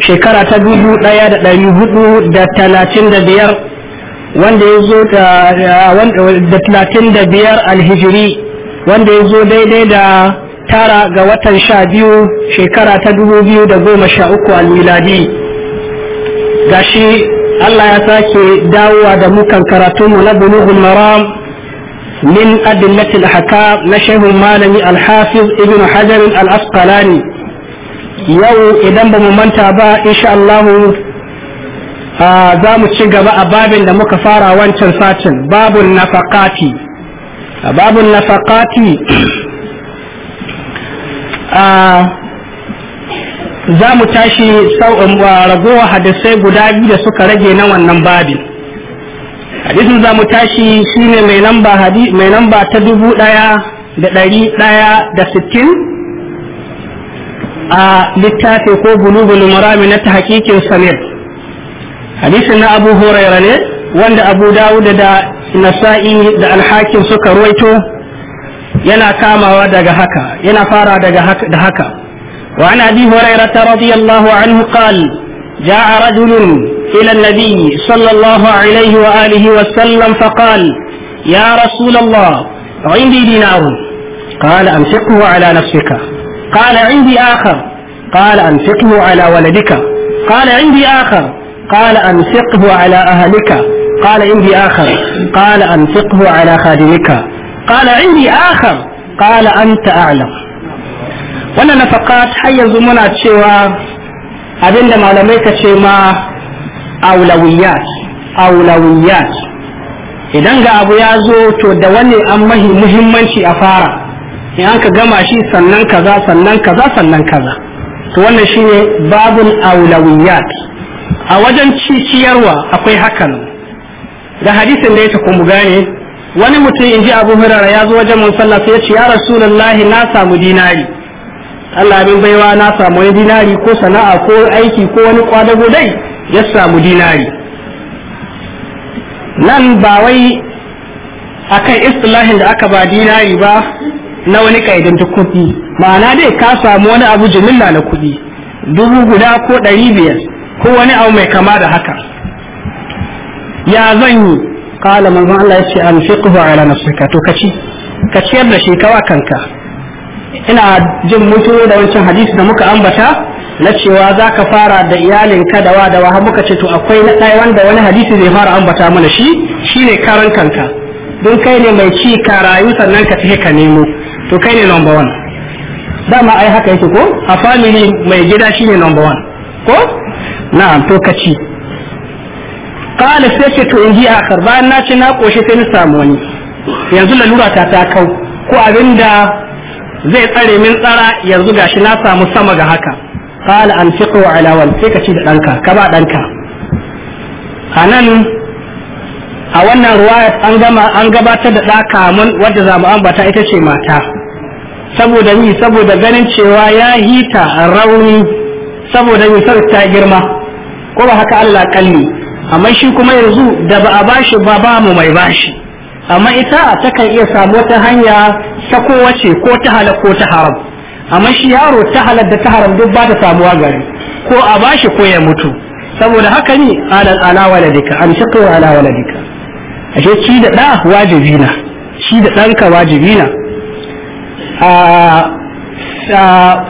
shekara ta dubu ɗaya da ɗari hudu da talatin da biyar wanda ya zo da talatin da biyar alhijiri wanda ya zo daidai da tara ga watan sha biyu shekara ta dubu biyu da goma sha uku almiladi gashi Allah ya sake dawowa da mukan karatunmu na bulughul maram haka na الحكام malami مالني الحافظ ابن al الأسقلاني yau idan ba mu manta ba insha Allahu za mu ci gaba a babin da muka fara wancan satin babun nafaqati babun nafaqati za mu tashi um, ragowa hadisai guda biyu da suka rage na wannan babin hadisin za mu tashi shine mai lamba ta dubu ɗaya da ɗari ɗaya da sittin a littafi ko bulugul murami na tahqiqin samir hadisin na abu huraira ne wanda abu dawud da nasa'i da alhakin suka ruwaito yana kamawa daga haka yana fara daga haka da haka wa an abi hurairata radiyallahu anhu qal ja'a rajulun ila an-nabi sallallahu alayhi wa alihi wa sallam faqal ya rasul عندي دينار قال أمسكه على نفسك قال عندي آخر قال أنفقه على ولدك قال عندي آخر قال أنفقه على أهلك قال عندي آخر قال أنفقه على خادمك قال عندي آخر قال أنت أعلم wannan nafakat har yanzu muna cewa abinda malamai ka ce ma aulawiyat aulawiyat idan ga abu ya zo to da wani an mahi muhimmanci a fara in aka gama shi sannan kaza sannan kaza sannan kaza to wannan shine babul aulawiyat a wajen ciciyarwa akwai hakan da hadisin da ya tafi mu gane wani mutum in ji abu hurara ya zo wajen mun sallah sai ya ce ya rasulullahi na samu dinari Allah abin baiwa na samu dinari ko sana'a ko aiki ko wani kwadago dai ya samu dinari nan ba wai akan istilahin da aka ba dinari ba na wani ta kuɗi ma'ana dai ka samu wani abu jimilla na kuɗi dubu guda ko ɗari biyar ko wani abu mai kama da haka ya zan yi kala manzon Allah ya ce an fi ala nafsika to ka ka ciyar da shi kawa kanka ina jin mutu da wancan hadisi da muka ambata na cewa za ka fara da iyalinka da wa da wa muka ce to akwai na ɗaya wanda wani hadisi zai fara ambata mana shi shi ne karan kanka don kai ne mai ci ka rayu sannan ka tafi ka nemo to kai ne number one dama ai haka yake ko a family mai gida shine number one ko na'am to ka ci kala sai ce to in ji akar bayan na ci na koshe sai na samu wani yanzu lalura ta ta kau ko abinda zai tsare min tsara yanzu gashi na samu sama ga haka kala an fiqo wal sai ka ci da danka ka ba danka anan a wannan ruwaya an gama an gabatar da ɗa kamun wadda zamu ambata ita ce mata saboda ni saboda ganin cewa ya hita rauni saboda ni saboda ta girma ko ba haka Allah kalli amma shi kuma yanzu da ba a bashi ba ba mu mai bashi amma ita ta kan iya samu ta hanya ta kowace ko ta halal ko ta haram amma shi yaro ta halal da ta haram duk ba ta samuwa gari ko a bashi ko ya mutu saboda haka ne alal ala waladika an shaqqa ala waladika ashe ci da da wajibi na ci da danka wajibi na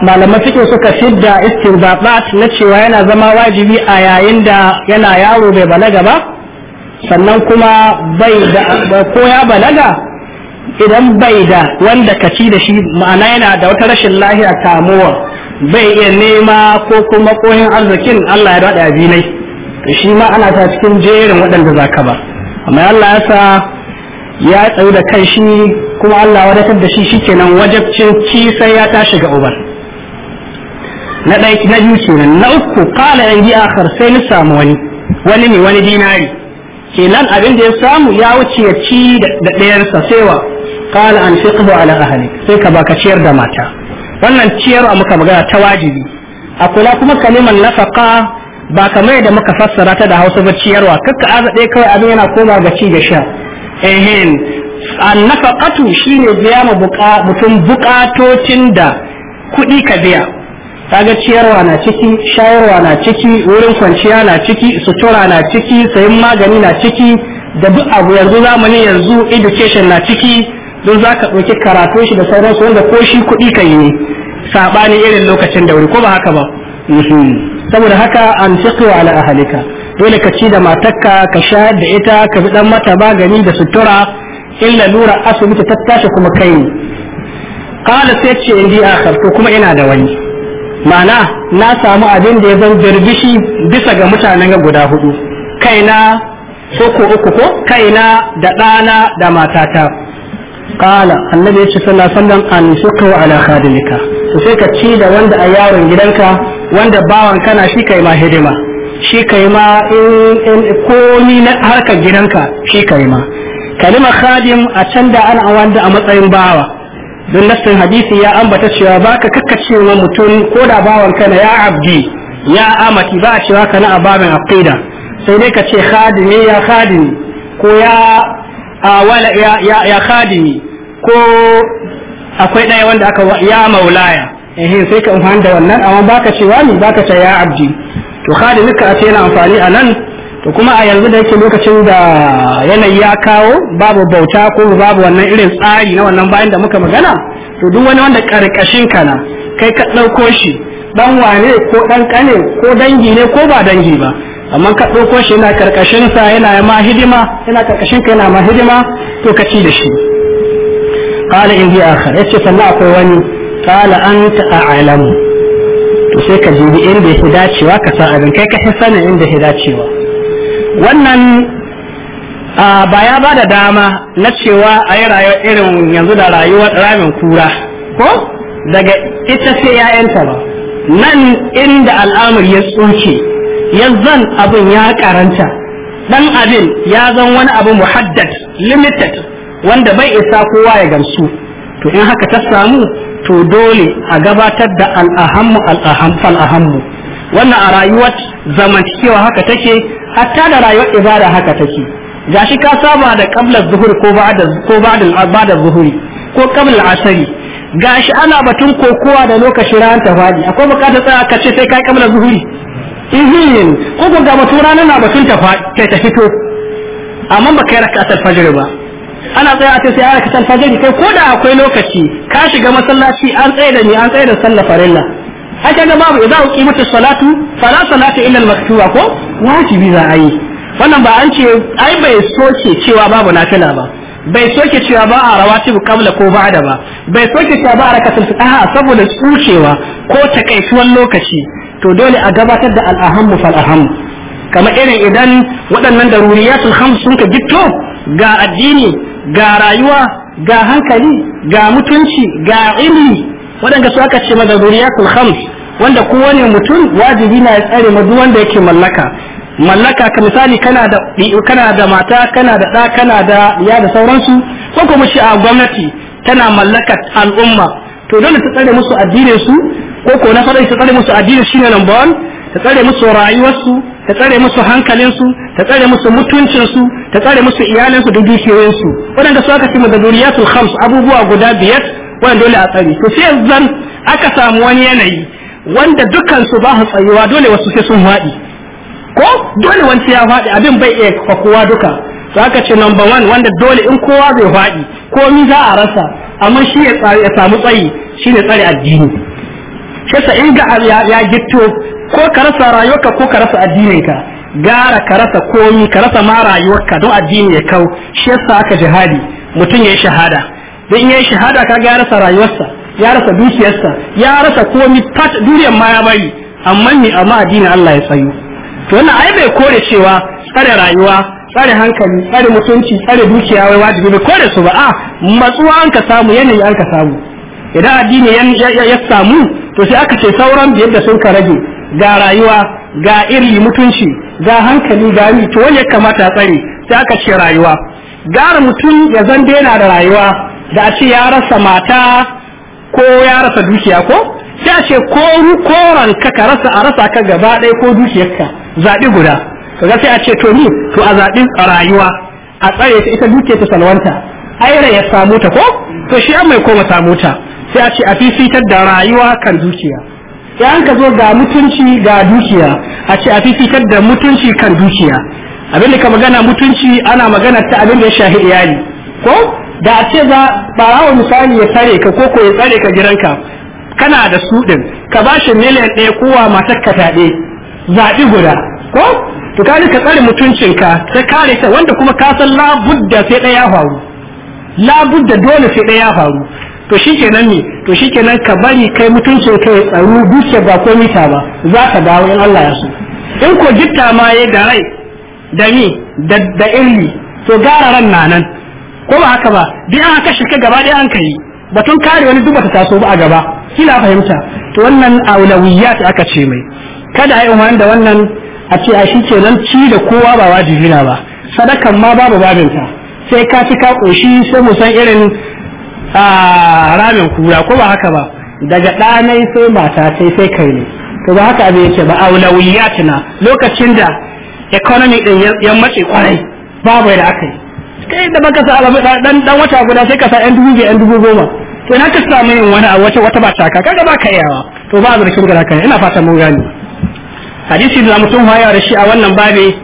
malaman cikin suka fidda istinbabat na cewa yana zama wajibi a yayin da yana yaro bai balaga ba sannan kuma bai da ko ya balaga idan bai da wanda ka ci da shi ma'ana yana da wata rashin lahiya kamuwa bai iya nema ko kuma kohin arzikin Allah ya daɗa zinai Da shi ma ana ta cikin jerin waɗanda za ka ba amma Allah ya sa ya tsayu da kan shi kuma Allah wadatar da shi shikenan wajabcin ci sai ya tashi ga ubar. na ɗaya na biyu kenan na uku kala yan bi akhar sai ni samu wani wani ne wani dinari kenan abin da ya samu ya wuce ya ci da ɗayansa sewa kala an fiqhu ala ahli sai ka baka ciyar da mata wannan ciyarwa muka magana ta wajibi a kula kuma na nafaka ba kamar da muka fassara ta da hausa ba ciyarwa kakka aza ɗaya kawai abin yana koma ga ci da sha ehen annafaqatu shine biya ma buka mutum bukatocin da kuɗi ka biya kaga ciyarwa na ciki shayarwa na ciki wurin kwanciya na ciki sutura na ciki sayin magani na ciki da duk abu yanzu zamani yanzu education na ciki don za ka ɗauki karatu shi da sauransu wanda ko shi kuɗi ka yi ne saɓani irin lokacin da wuri ko ba haka ba mm-hmm. saboda haka an fiqwa ala ahlika dole ka ci da matarka ka shayar da ita ka bi dan mata magani da sutura in lalura asibiti ta tashi kuma kai ne kala sai ce indi akhar to kuma ina da wani ma'ana na samu abin da ya zan jirgishi bisa ga mutanen guda hudu kaina ko ko uku ko kaina da ɗana da matata kala annabi ya ce sallallahu alaihi wasallam an alaka ala khadimika to sai ka ci da wanda a yaron gidanka wanda bawan kana shi kai ma hidima shi kai ma in komi na harkar gidanka shi kai ma Kalima khadim a can da ana wanda a matsayin bawa don nassin hadisi ya ambata cewa ba ka baka kakkacewa mutum ko da bawan kana ya abdi ya amati ba a cewa kana a babin aqida sai dai ka ce khadimi ya khadimi ko ya wala ya ya khadimi ko akwai ɗaya wanda aka ya maulaya eh sai ka amfani da wannan amma baka cewa ni baka ce ya abdi to khadimin ka a ce yana amfani a nan to kuma a yanzu da yake lokacin da yanayi ya kawo babu bauta ko babu wannan irin tsari na wannan bayan da muka magana to duk wani wanda karkashin kana kai ka ɗauko shi dan wane ko dan kane ko dangi ne ko ba dangi ba amma ka ɗauko shi yana karkashin sa yana ma hidima yana karkashin ka yana ma hidima to ka ci da shi qala in bi akhar yace sannan akwai wani qala anta a'lamu to sai ka jibi inda ya dacewa ka sa abin kai ka san inda ya dacewa wannan ba ya ba da dama na cewa a yi rayuwa irin yanzu da rayuwar ramin kura ko daga ita sai ya'yanta ba nan inda al'amur ya tsoke zan abin ya karanta dan abin ya zan wani abu muhaddad limited wanda bai isa kowa ya gamsu to in haka ta samu to dole a gabatar da al'ahammu al'aham wannan a rayuwar zamantakewa haka take hatta da rayuwar ibada haka take gashi ka saba da qablaz zuhur ko ba'da ko ba'da ba'da zuhuri ko qabla asri gashi ana batun kokowa da lokacin ran ta fadi akwai bukatar tsaya ka ce sai kai qabla zuhuri izinin ko ko ga batun ranar na batun ta fadi ta fito amma ba kai raka asar fajr ba ana tsaya a ce sai raka asar fajr kai ko da akwai lokaci ka shiga masallaci an tsaya da ni an tsaya da sallah farilla haka ga babu idan mutu salatu fala salata illa al-maktuba ko wajibi za a yi wannan ba an ce ai bai soke cewa babu nafila ba bai soke cewa ba a rawatibu kabla ko ba da ba bai soke cewa ba a rakatul a'a saboda tsucewa ko takaituwan lokaci to dole a gabatar da al'ahammu fal ahammu kamar irin idan waɗannan daruriyatul khams sun ka gitto ga addini ga rayuwa ga hankali ga mutunci ga iri waɗanda su aka ce ma daruriyatul khams wanda kowane mutum wajibi na ya tsare ma duk wanda yake mallaka mallaka ka misali kana da kana da mata kana da ɗa kana da ya da sauransu ko kuma shi a gwamnati tana mallaka al'umma to dole ta tsare musu addinin su ko ko na farai ta tsare musu addinin shine number one ta tsare musu rayuwarsu ta tsare musu hankalinsu ta tsare musu mutuncinsu ta tsare musu iyalinsu da dukiyoyinsu waɗanda su aka ce da duriyatul khams abubuwa guda biyar wanda dole a tsare to sai zan aka samu wani yanayi wanda dukkan su ba su tsayuwa dole wasu sai sun haɗi ko dole wancan ya faɗi abin bai iya ko kowa duka to aka ce number one wanda dole in kowa zai faɗi komi za a rasa amma shi ya samu tsayi shi ne tsare addini kasa in ga ya gitto ko ka rasa rayuwarka ko ka rasa addininka gara ka rasa komi ka rasa ma rayuwarka don addini ya kau shi yasa aka jihadi mutum ya yi shahada don in ya yi shahada ka ga rasa rayuwarsa ya rasa dukiyarsa ya rasa komi duniyar ma ya bari amma ni amma addinin Allah ya tsayo to wannan ai bai kore cewa tsare rayuwa tsare hankali tsare mutunci tsare dukiya wai wajibi bai kore su ba a matsuwa an ka samu yanayi an ka samu idan addini ya samu to sai aka ce sauran biyar da sun ka rage ga rayuwa ga iri mutunci ga hankali ga ni to wani ya kamata tsare sai aka ce rayuwa gara mutum ya zan daina da rayuwa da a ce ya rasa mata ko ya rasa dukiya ko sai a ce ko koran ka ka rasa a rasa ka gaba ɗaya ko dukiyarka zaɓi guda kaga sai a ce to ni to a zaɓi rayuwa a tsare ta ita duke ta salwanta aira ya samu ta ko to shi an mai koma samu ta sai a ce a fifitar da rayuwa kan dukiya yan ka zo ga mutunci ga dukiya a ce a fifitar da mutunci kan dukiya abin ka magana mutunci ana magana ta abin ya shahi iyali ko da a ce za ɓarawa misali ya tare ka ko ko ya tsare ka gidanka kana da su din ka ba shi miliyan ɗaya kowa matar ka taɗe zaɓi guda ko to kaji ka tsare mutuncinka sai kare ta wanda kuma ka san labudda sai ɗaya ya faru labudda dole sai ɗaya ya faru to shikenan ne to shikenan ka bari kai mutuncin kai tsaro dukiya ba ko mita ba za ka dawo in Allah ya so in ko jitta ma ya da rai da ni da da illi to gara ran na nan ko ba haka ba bi an kashe ka gaba dai an kai batun kare wani dubata ta taso ba a gaba kila fahimta to wannan aulawiyat aka ce mai kada ai umarin da wannan a ce a shi nan ci da kowa ba wajibi na ba sadakan ma babu babinta sai ka ci ka koshi sai mu san irin ramin kura ko ba haka ba daga ɗanai sai mata sai sai kai ne to ba haka abin yake ba aulawiyat na lokacin da economy din ya mace kwarai babu da aka yi kai da baka sa alamu dan dan wata guda sai ka sa yan dubu biyu yan dubu goma to na ka samu yin wani abu wata wata ba ka kaga ba ka yawa to ba zargin gara kan ina fata mun gani hadisi da mutum haya da shi a wannan babi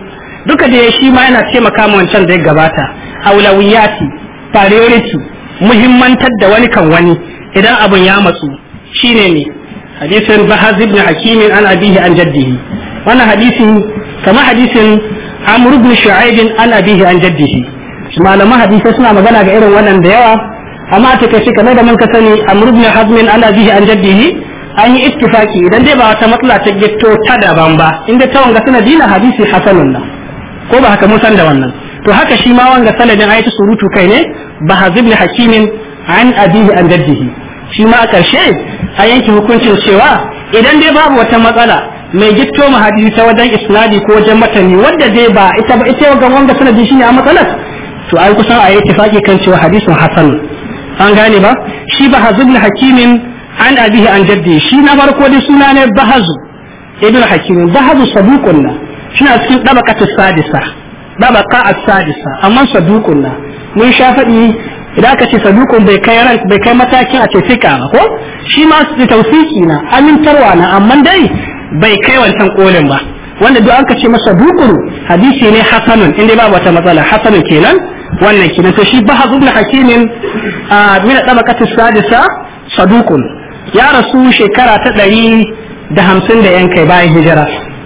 duka da shi ma yana taimaka mu wancan da ya gabata aulawiyati priority muhimmantar da wani kan wani idan abun ya matsu shine ne hadisin bahaz ibn hakim an abihi an jaddihi wannan hadisin kama hadisin amr ibn shu'aib an abihi an jaddihi malaman hadisi suna magana ga irin wannan da yawa amma ta shi kamar da mun ka sani amr ibn hazm an abihi an jaddihi an yi ittifaki idan dai ba wata matsala ta gitto ta daban ba inda ta wanga sanadi na hadisi hasanun nan ko ba haka mun san da wannan to haka shi ma wanga sanadin ayatu surutu kai ne ba hazib hakimin an abihi an jaddihi shi ma a karshe a yanke hukuncin cewa idan dai babu wata matsala mai gitto ma hadisi ta wajen isnadi ko wajen matani wanda dai ba ita ba ita ga wanda sanadi shine a matsalar to ai kusan a yi ittifaki kan cewa hadisin hasan an gane ba shi bahaz ibn hakimin an abihi an jaddi shi na farko da suna ne bahaz ibn hakimin bahazu saduqun na shina cikin dabaqat sadisa dabaqa as-sadisa amma saduqun na mun sha faɗi idan aka ce bai kai ran bai kai matakin a ce fika ba ko shi ma tausiki na amintarwa na amma dai bai kai wancan kolin ba wanda duk an ka ce masa dukuru hadisi ne hasanun inda babu wata matsala hasanun kenan wannan kina to shi bahaz ibn hakimin min tabaqati sadisa sadukun ya rasu shekara ta ɗari da hamsin da yankai bayan hijira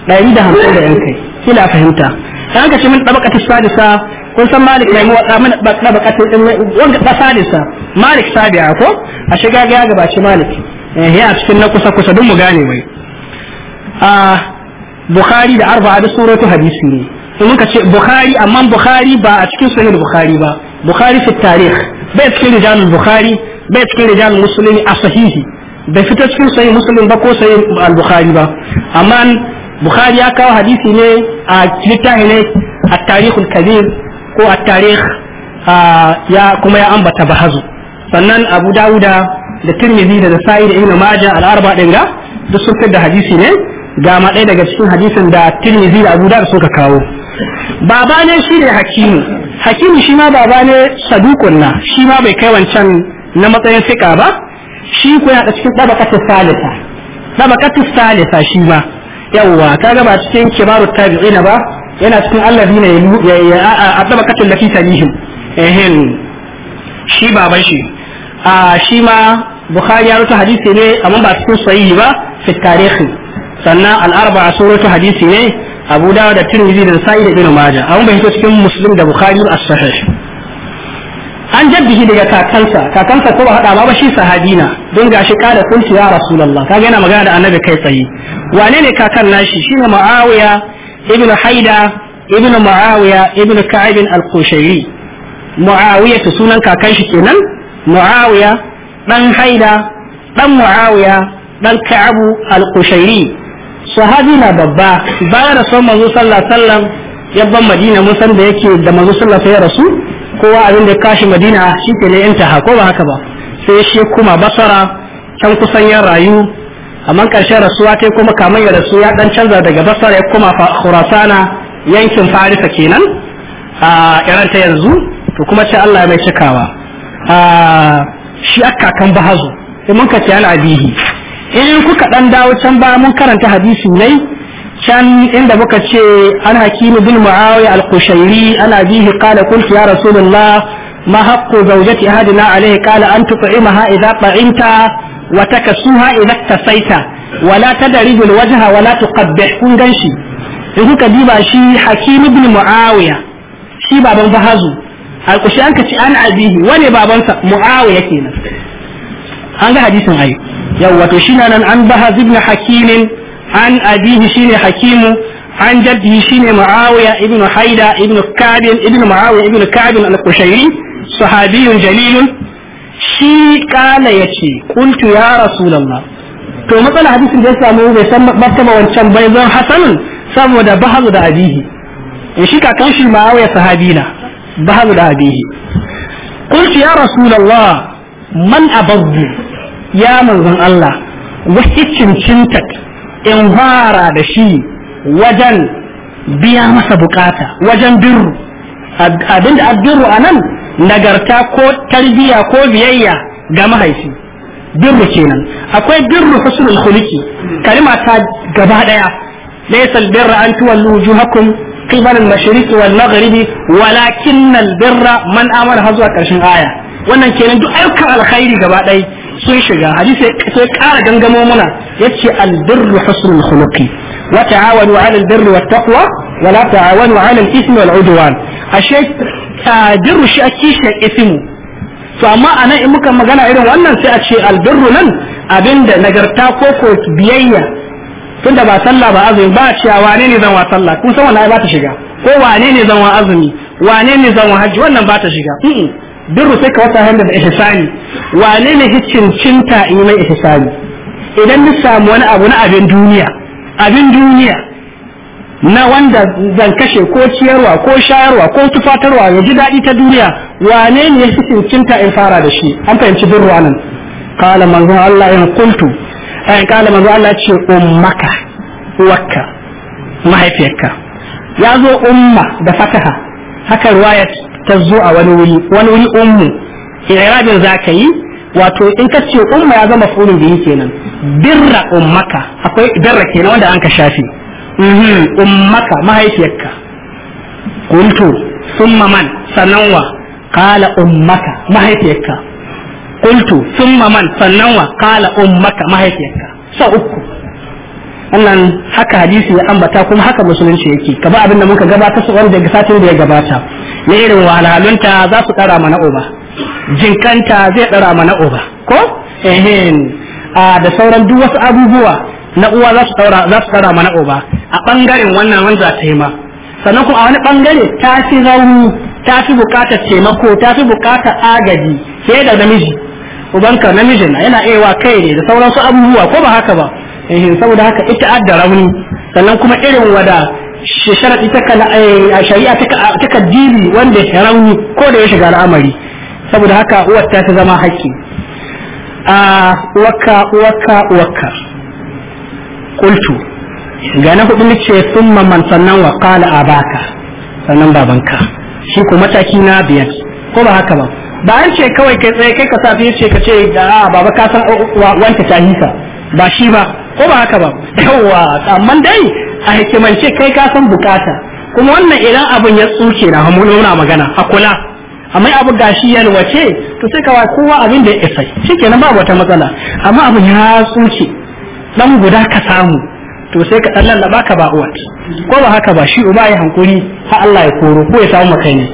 ɗari da hamsin da yankai kila fahimta ta ka ce min tabaqati sadisa kun san malik na yi wa min tabaqati wanda ba sadisa malik sabi'a ko a shiga ga gabaci malik eh ya cikin na kusa kusa don mu gane mai a bukhari da arba'a da suratu hadisi ne in ka ce bukhari amma bukhari ba a cikin sahih bukhari ba bukhari fi tarikh bai cikin rijalul bukhari bai cikin rijalul muslimi a sahihi bai fita cikin sahih muslim ba ko sahih al-bukhari ba amma bukhari ya kawo hadisi ne a littafi ne a tarikhul kabir ko a tarikh ya kuma ya ambata bahazu sannan abu dawuda da tirmidhi da nasa'i da ibnu majah al-arba din da duk sun da hadisi ne ga ma ɗaya daga cikin hadisin da tirmidhi da abu dawuda suka kawo baba ne shi ne hakimu hakimu shi ma baba ne sadukun na shi ma bai kai wancan na matsayin fika ba shi ko yana cikin dabaqatu salisa dabaqatu salisa shi ma yawwa kaga ba cikin kibaru tabi'ina ba yana cikin alladina ya a dabaqatu lati talihim ehin shi baban shi a shi ma bukhari ya rubuta hadisi ne amma ba cikin sahihi ba fi tarihi sannan al-arba'a suratu hadisi ne abu Dawa da tirmidhi da sa'i da ibn majah an bai cikin muslim da bukhari a sahih an jaddihi daga kakansa kakansa ko ba hada ba shi sahabi na don gashi kada kuntu ya rasulullah kaga yana magana da annabi kai tsaye wane ne kakan nashi shine muawiya ibn haida ibn muawiya ibn ka'ib al-qushayri muawiya to sunan kakan shi kenan muawiya dan haida dan muawiya dan ka'ab al-qushayri sahabi na babba bayan rasuwar manzo sallallahu alaihi wasallam ya ban madina mun san da yake da manzo sallallahu alaihi ya rasu kowa abin da kashi madina shi ke ne intaha ko ba haka ba sai shi kuma basara can kusan ya rayu amma karshen rasuwa ta kuma kamar ya rasu ya dan canza daga basara ya kuma khurasana yankin farisa kenan a ta yanzu to kuma sai Allah ya mai cikawa a shi akakan bahazu sai mun ka ci al'abihi in kuka dan dawo can ba mun karanta hadisi ne can inda muka ce an hakimu bin muawiya al-qushairi ana bihi qala qultu ya rasulullah ma haqqu zawjati ahadina alayhi qala an tut'imaha idha ta'imta wa takasuha idha tasaita wa la tadribu al-wajha wa la tuqabbih kun ganshi in kuka diba shi hakimu bin muawiya shi baban bahazu al-qushairi an ka ci an abihi wani babansa muawiya kenan an ga hadisin ayyuka yawwa to shine nan an bahaz ibn hakim an abihi shine hakimu an jaddihi shine muawiya ibn haida ibn ka'b ibn muawiya ibn ka'b al-qushairi sahabiyyun jalilun shi kana yace qultu ya rasulullah to matsala hadisin da ya samu bai san martaba wancan bai zan hasanun saboda bahazu da abihi in shi kakan shi ma'awiya sahabina bahazu da abihi qultu ya rasulullah man abazzu ya manzon Allah wasu cincinta in fara da shi wajen biya masa bukata wajen birru abinda birru a nan nagarta ko tarbiya ko biyayya ga mahaifi birru kenan akwai birru husnul khuluqi kalima ta gaba daya laysa birra an tuwallu wujuhakum qibala al-mashriq wal maghrib walakin albirra man amara hazwa karshen aya wannan kenan duk ayyukan alkhairi gaba daya sun shiga hadisi sai ƙara gangamo muna yace albirru husnul khuluqi wa ta'awanu 'ala albirri wat taqwa wa la ta'awanu 'ala al-ithmi wal 'udwan ashe birru shi ake shi ismu to amma anan in muka magana irin wannan sai a ce albirru nan abinda nagarta ko ko biyayya tunda ba sallah ba azumi ba a cewa wane ne zan wa sallah kun san wallahi ba ta shiga ko wane ne zan wa azumi wane ne zan wa hajji wannan ba ta shiga birru sai ka wata hanyar da ihsani wane ne cinta in yi mai ihsani idan ni samu wani abu na abin duniya abin duniya na wanda zan kashe ko ciyarwa ko shayarwa ko tufatarwa ya ji daɗi ta duniya wane ne hicin cinta in fara da shi an fahimci birru anan kala manzon Allah ya qultu ai kala manzon Allah ce ummaka mahaifiyarka ya zo umma da fataha hakan riwayat ta a wani wuri wani wuri ummu irabin za ka wato in ka ce umma ya zama fulun biyu kenan birra ummaka akwai birra kenan wanda an ka shafi mhm, ummaka mahaifiyarka kuntu summa man sannan wa kala ummaka mahaifiyarka kuntu summa man sannan wa kala ummaka mahaifiyarka sau uku wannan haka hadisi ya ambata kuma haka musulunci yake ka ba abin da muka gabata su wanda daga satin da ya gabata na irin walalunta za su ɗara mana uba jinkanta zai ɗara mana uba ko ehin a da sauran duk wasu abubuwa na uwa za su za ɗara mana uba a ɓangaren wannan wanda ta yi ma sannan kuma a wani ɓangare ta fi rauni ta fi buƙatar taimako ta fi buƙatar agaji ke da namiji ubanka namijin yana iya wa kai ne da sauran su abubuwa ko ba haka ba ehin saboda haka ita adda rauni sannan kuma irin wada sharaɗi eh, a shari'a ta wanda ya rauni ko da ya shiga al'amari saboda haka uwarta ta zama haƙƙi a waka waka waka kultu ga na hudu nace sun man sannan wa qala abaka sannan babanka shi ko mataki na biyar ko ba haka ba ba an ce kawai kai tsaye kai ka sa fiye ce ka ce da a baba ka san wanta ta hisa ba shi ba ko ba haka ba yawa amma dai a hikimance kai ka san bukata kuma wannan idan abin ya tsuke na hamu nuna magana a kula amma abu gashi yalwace to sai kawai kowa abin da ya isa shikenan babu wata matsala amma abin ya tsuke dan guda ka samu to sai ka dan ba ka ba uwat ko ba haka ba shi uba ya hankuri har Allah ya koro ko ya samu makai ne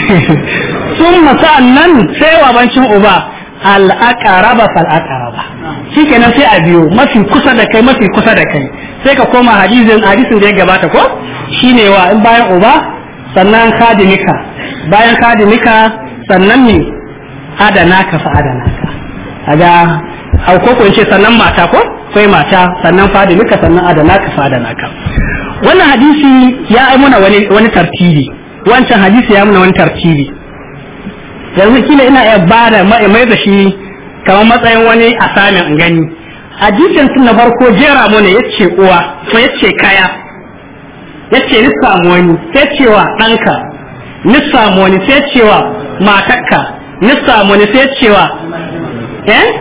sun masa'an nan sai wabancin uba al'aqaraba fal shi kenan sai a biyo mafi kusa da kai mafi kusa da kai sai ka koma hadisin hadisin da ya gabata ko shine wa in bayan uba sannan kadimika bayan kadimika sannan ne adana ka fa adana ka aga au ko ko ce sannan mata ko kai mata sannan fadimika sannan adana ka fa adana ka wannan hadisi ya ai muna wani wani tartibi wancan hadisi ya muna wani tartibi yanzu kila ina iya ba da mai da shi kamar matsayin wani a samin in gani jikin sun na farko jera mu ne ce uwa ko ce kaya ce ni samu wani sai cewa ɗanka ni samu wani sai cewa matakka ni samu wani sai cewa eh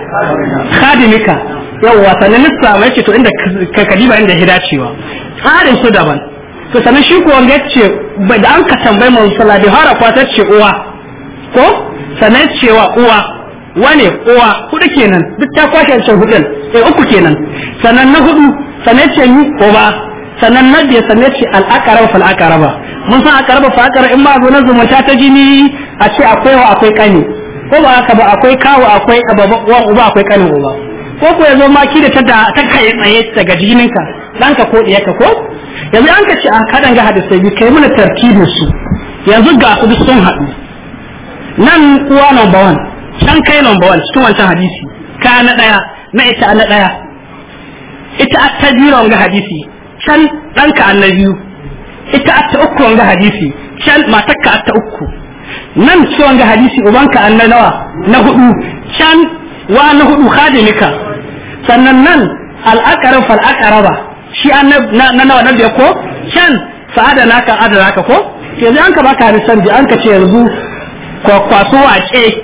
khadimika yawwa sannan ni samu ce to inda ka kadiba inda hida cewa tsarin su daban to sannan shi ko wanda ce da an ka tambayi manzo sallallahu alaihi wasallam bai ce uwa ko sanar cewa uwa wane uwa hudu kenan duk ta kwashe can hudun sai eh, uku kenan sanar na hudu sanar ce ni ko ba sanar na biyar sanar ce al'akaraba fal ba mun san akaraba fal akaraba in ma zo na zumunta ta jini a ce akwai wa akwai kani ko ba haka ba akwai kawo akwai ababan uwan uba akwai kanin uba ko ko yazo ma da ta da ta kai tsaye daga jininka ka ko diyarka ko yanzu an ka ce a kadan ga hadisai bi kai mana tartibin su yanzu ga su sun haɗu nan uwa number one can kai number one cikin wancan hadisi ka na daya na ita na daya ita ta biyu wanga hadisi can ɗanka biyu ita ta uku wanga hadisi can matakka ta uku nan ci wanga hadisi ubanka annabawa na nawa na hudu can wa na hudu khadimika sannan nan al'akarin fal'akaraba shi an na nawa na biya ko can fa'ada naka adana ka ko yanzu an ka baka hadisan ji an ka ce yanzu Kwakwasu a ce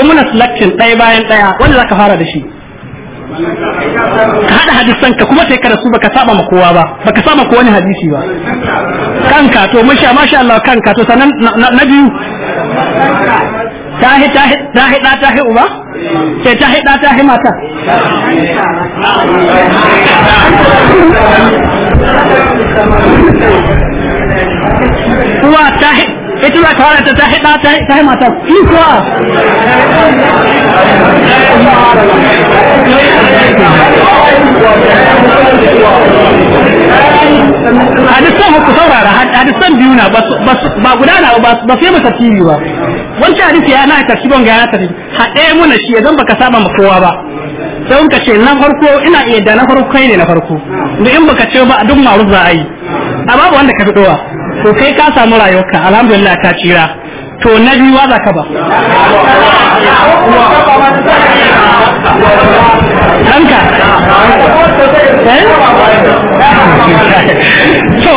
in muna selection ɗaya bayan ɗaya wanda zaka fara da shi ka haɗa hadisan ka kuma sai ka rasu baka saba ma kowa ba baka saba ko wani hadisi ba kanka to masha masha Allah kanka to sanan na biyu tahi tahi tahi da tahi uba sai tahi da tahi mata uwa tahi ita za ka ta ta hida ta ta mata fi kuwa hadisan ku saurara hadisan biyu na ba gudana ba ba sai masa tiri ba wancan hadisi ya na ka ban ga ya tafi haɗe muna shi idan baka saba ma kowa ba sai ka ce na farko ina iya da na farko kai ne na farko da in baka ce ba duk ma'ruf za a yi amma ba wanda ka fi dowa to kai ka samu rayuwarka alhamdulillah ka tsira to na biyu wa za ka ba ɗanka eh? to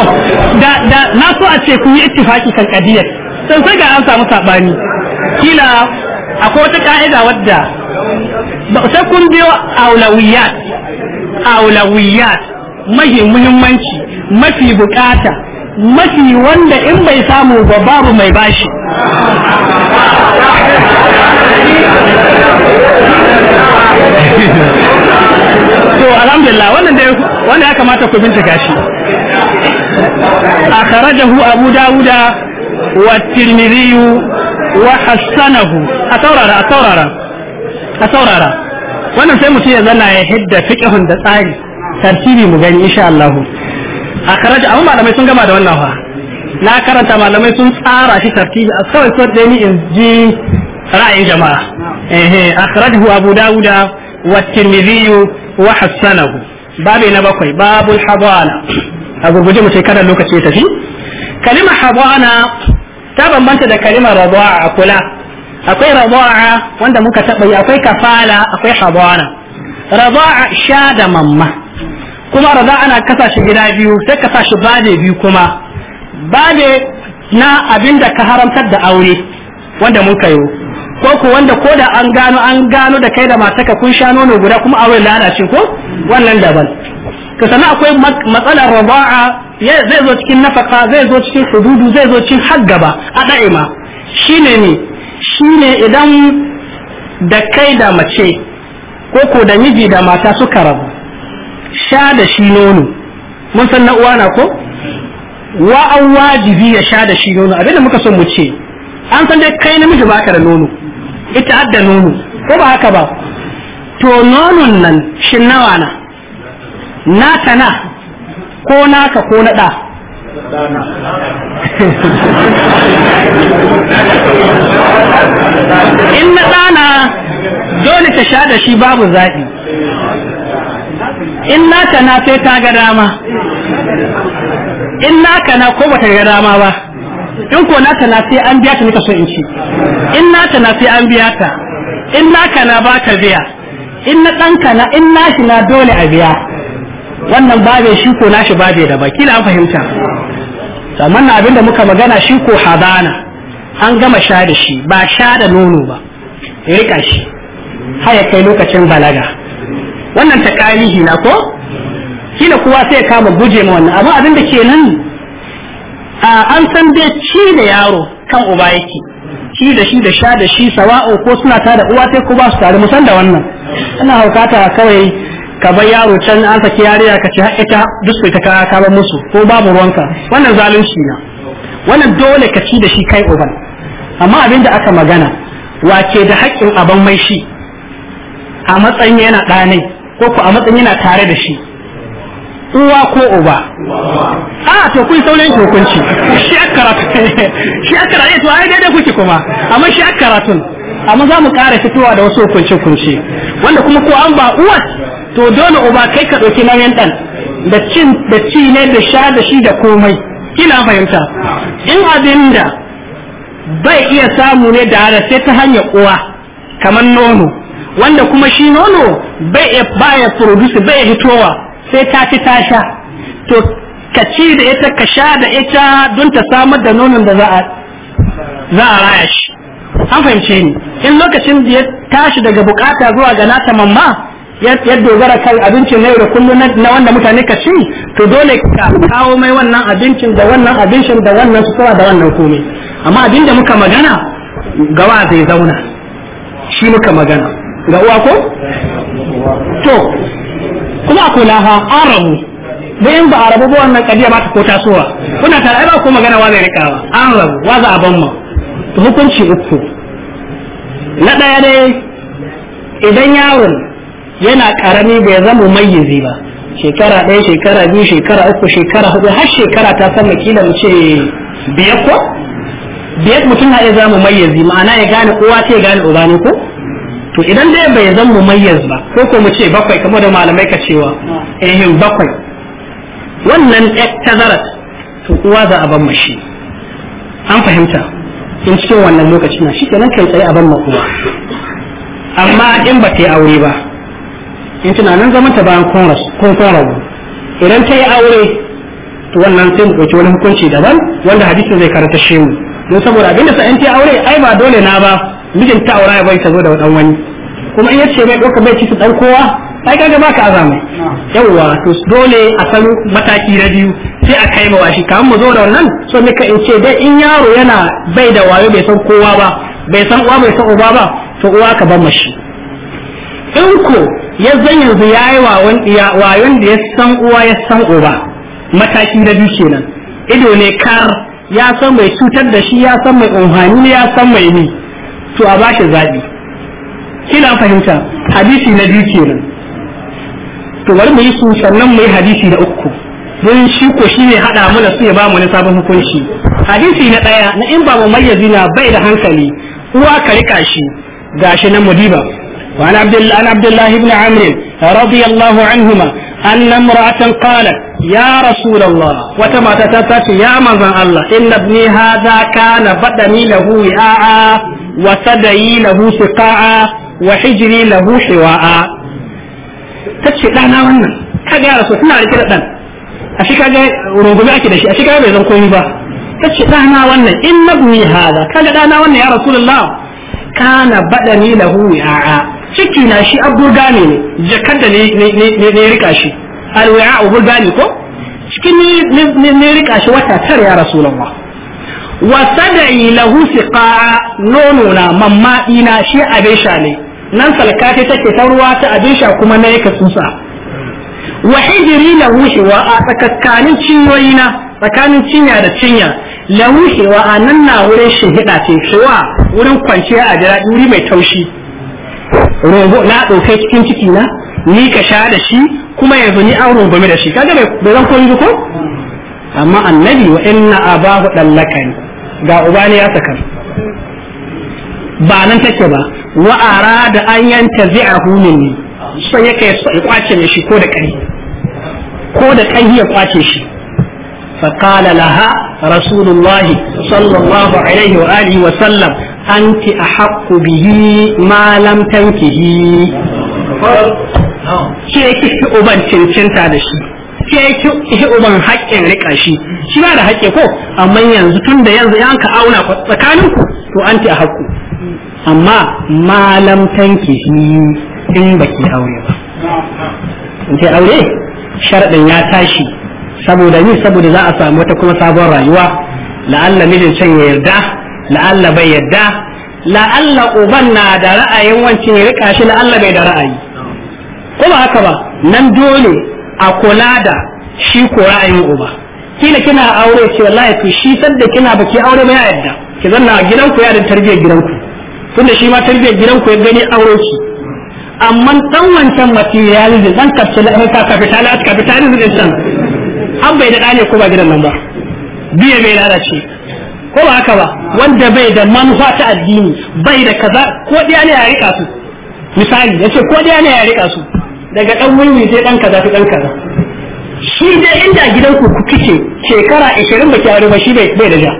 da da na so a ce ku yi ittifaki kan kadiyar sai sai ga an samu sabani kila akwai wata ka'ida wadda sai kun biyo aulawiyat aulawiyat mahi muhimmanci mafi bukata mafi wanda in bai samu ba babu mai bashi to alhamdulillah wannan da wanda ya kamata ku bincika shi akhrajahu abu dauda wa tirmidhi wa hasanahu a taurara a taurara a taurara wannan sai mutum ya zana ya hidda fiqhun da tsari tartibi mu gani insha Allah a karanta amma malamai sun gama da wannan fa na karanta malamai sun tsara shi tartibi a kawai so da ni in ji ra'ayin jama'a eh akhrajahu abu dauda wa tirmidhi wa hasanahu babu na bakwai babul hadana a gurguje mu shekarar lokaci ya tafi kalimar hadana ta bambanta da kalimar radaa a kula akwai radaa wanda muka taba akwai kafala akwai hadana radaa sha da mamma kuma raza ana kasa shi gida biyu sai ka shi bade biyu kuma bade na abinda ka haramtar da aure wanda mun kayo ko ku wanda ko da an gano an gano da kai da mataka kun sha nono guda kuma aure lalace ko wannan daban ka akwai matsalar raba'a zai zo cikin nafaka zai zo cikin hududu zai zo cikin gaba a da'ima shine ne shine idan da kai da mace ko ko da miji da mata suka rabu sha da shi nono mun san na uwa na ko wa an wajibi ya sha da shi nono abinda muka son mu ce an san dai kai namiji ka da nono ita adda nono ko ba haka ba to nonon nan shin nawa na naka na ko naka ko na da in na dana dole ta sha da shi babu zaɓi in naka na sai ta ga dama in naka na ko bata ga dama ba in ko naka na sai an biya ta nika so in ci in naka na sai an biya ta in naka na ba ta biya in na ɗanka na in nashi na dole a biya wannan babe shi ko nashi babe da ba kila an fahimta sannan na abinda muka magana shi ko habana an gama sha da shi ba sha da nono ba ya rika shi har kai lokacin balaga wannan kalihi na ko shine kuwa sai ya kama guje ma wannan amma abin da ke nan an san dai ci da yaro kan uba yake ci da shi da sha da shi sawa'o ko suna tare uwa sai ko ba su tare musan da wannan ana haukata kawai ka bar yaro can an saki yariya ka ci ita duk sai ta ka kama musu ko babu ruwanka wannan zalunci na wannan dole ka ci da shi kai uban amma abin da aka magana wace da haƙƙin aban mai shi a matsayin yana ɗanai ko ku a matsayin yana tare da shi uwa ko uba a to kun saurin ki hukunci shi akaratu shi akaratu eh, to ai daidai kuke kuma amma shi karatun, amma za mu ƙara fitowa da wasu hukunci hukunci wanda kuma ko an ba uwa to dole uba kai ka ɗauki yan ɗan da cin da ci ne da sha da shi da komai kina fahimta in abinda bai iya samu ne da sai ta hanyar uwa kamar nono wanda kuma shi nono bai ya produce bai hitowa sai ta ci ta sha to ka ci da ita ka sha da ita don ta samar da nonon da za a raya shi an fahimce ni in lokacin da ya tashi daga bukata zuwa ga nata mamma ya dogara kan abincin na yau da kullum na wanda mutane ka ci to dole ka kawo mai wannan abincin da wannan abincin da wannan sutura da wannan komai amma abin da muka magana gawa zai zauna shi muka magana ga uwa ko to kuma a kula ha arabu da in ba arabu ba wannan kadiya ba ta ko tasowa kuna tare ba ko magana wa zai rikawa an rabu wa za a ban ma hukunci uku na ɗaya dai idan yaron yana karami bai zama mayyizi ba shekara ɗaya shekara biyu shekara uku shekara hudu har shekara ta san kila mu ce biyar ko biyar mutum na iya zama mayyazi ma'ana ya gane uwa ce ya gane uba ne ko to idan dai bai zan mu mumayyiz ba ko ko mu ce bakwai kamar da malamai ka cewa eh bakwai wannan tazarat to uwa za a ban mashi an fahimta in cikin wannan shi na shikenan kai tsaye a ban makuwa amma in ba ta yi aure ba in nan zama ta bayan kun rabu idan ta yi aure to wannan sai mu ɗauki wani hukunci daban wanda hadisin zai karanta shi mu don saboda abinda sa'in ta yi aure ai ba dole na ba mijin ta aura bai ta zo da dan wani kuma in yace mai doka bai ci dan kowa ai kaga baka azama yawa to dole a san mataki na biyu sai a kai ma washi kamar mu zo da wannan so ka in ce dai in yaro yana bai da wayo bai san kowa ba bai san uwa bai san uba ba to uwa ka bar mashi in ko ya zan yanzu yayi wayon da ya san uwa ya san uba mataki na biyu kenan ido ne kar ya san mai cutar da shi ya san mai umhani ya san mai ni to a shi zaɓi kila fahimta hadisi na biyu kenan to bari mu yi su sannan mu yi hadisi na uku don shi ko shi ne haɗa mana su ya ba mu na sabon hukunci hadisi na ɗaya na in ba mu mayyazi bai da hankali uwa ka rika shi gashi na mudiba Wa an Abdullahi بن رضي الله عنهما أن امرأة قالت يا رسول الله وتما تتاتي يا من الله إن ابني هذا كان بدني له وعاء وثدي له سقاء وحجري له حواء تتشي لعنا وانا كاك يا رسول الله كده دان أشي كاجا رغبي أكيد أشي أشي كاجا بيزن كوي با تتشي لعنا وانا إن ابني هذا كاجا لنا ونن يا رسول الله كان بدني له وعاء ciki na shi abdurgani ne jakar da ne rika shi alwi'a ubulgani ko cikin ne rika shi wata tara ya rasu da yi lahu siqa nono na mamma ina shi abesha ne nan salkati take ta ruwa ta abesha kuma na yake tsusa wa hijri lahu wa a tsakakkanin cinyoyi na tsakanin cinya da cinya lahu wa a nan na wurin shi hida ce shiwa wurin kwanciya a jira wuri mai taushi rogo na ɗauke cikin ciki na ni ka sha da shi kuma yanzu ni an rungume da shi kaga bai zan koyi ko amma annabi wa inna abahu dallakani ga uba ne ya saka ba nan take ba wa arada an yanta zi'ahu minni sai yake ya kwace shi ko da kai ko da kai ya kwace shi فقال لها رسول الله صلى الله عليه وآله وسلم أنت أحق به ما لم تنكه ke ki uban cincinta da shi ke ki uban haƙƙin riƙa shi shi ba haƙƙi ko amma yanzu tun da yanzu an ka auna tsakaninku ku to an ta haƙƙu amma malam tanki in baki aure ba in aure ya tashi saboda ni saboda za a samu wata kuma sabon rayuwa la'alla mijin can ya yarda la'alla bai yarda la'alla uban na da ra'ayin wancin ya rika shi la'alla bai da ra'ayi ko ba haka ba nan dole a kula da shi ko ra'ayin uba kila kina aure ce wallahi to shi sadda kina baki aure ba ya yarda ki zanna a gidanku ya da tarbiyyar gidanku tunda shi ma tarbiyyar gidanku ya gani aure ki amma dan wancan materialism dan capitalism capitalism capitalism din an bai da ɗane ko ba gidan nan ba biye mai lalace ko ba haka ba wanda bai da manufa ta addini bai da kaza ko ɗaya ne ya rika su misali ya ce ko ɗaya ne ya rika su daga ɗan wuri sai ɗan kaza fi ɗan kaza shi dai inda gidan ku kike shekara 20 ba ki aure ba shi bai bai da ja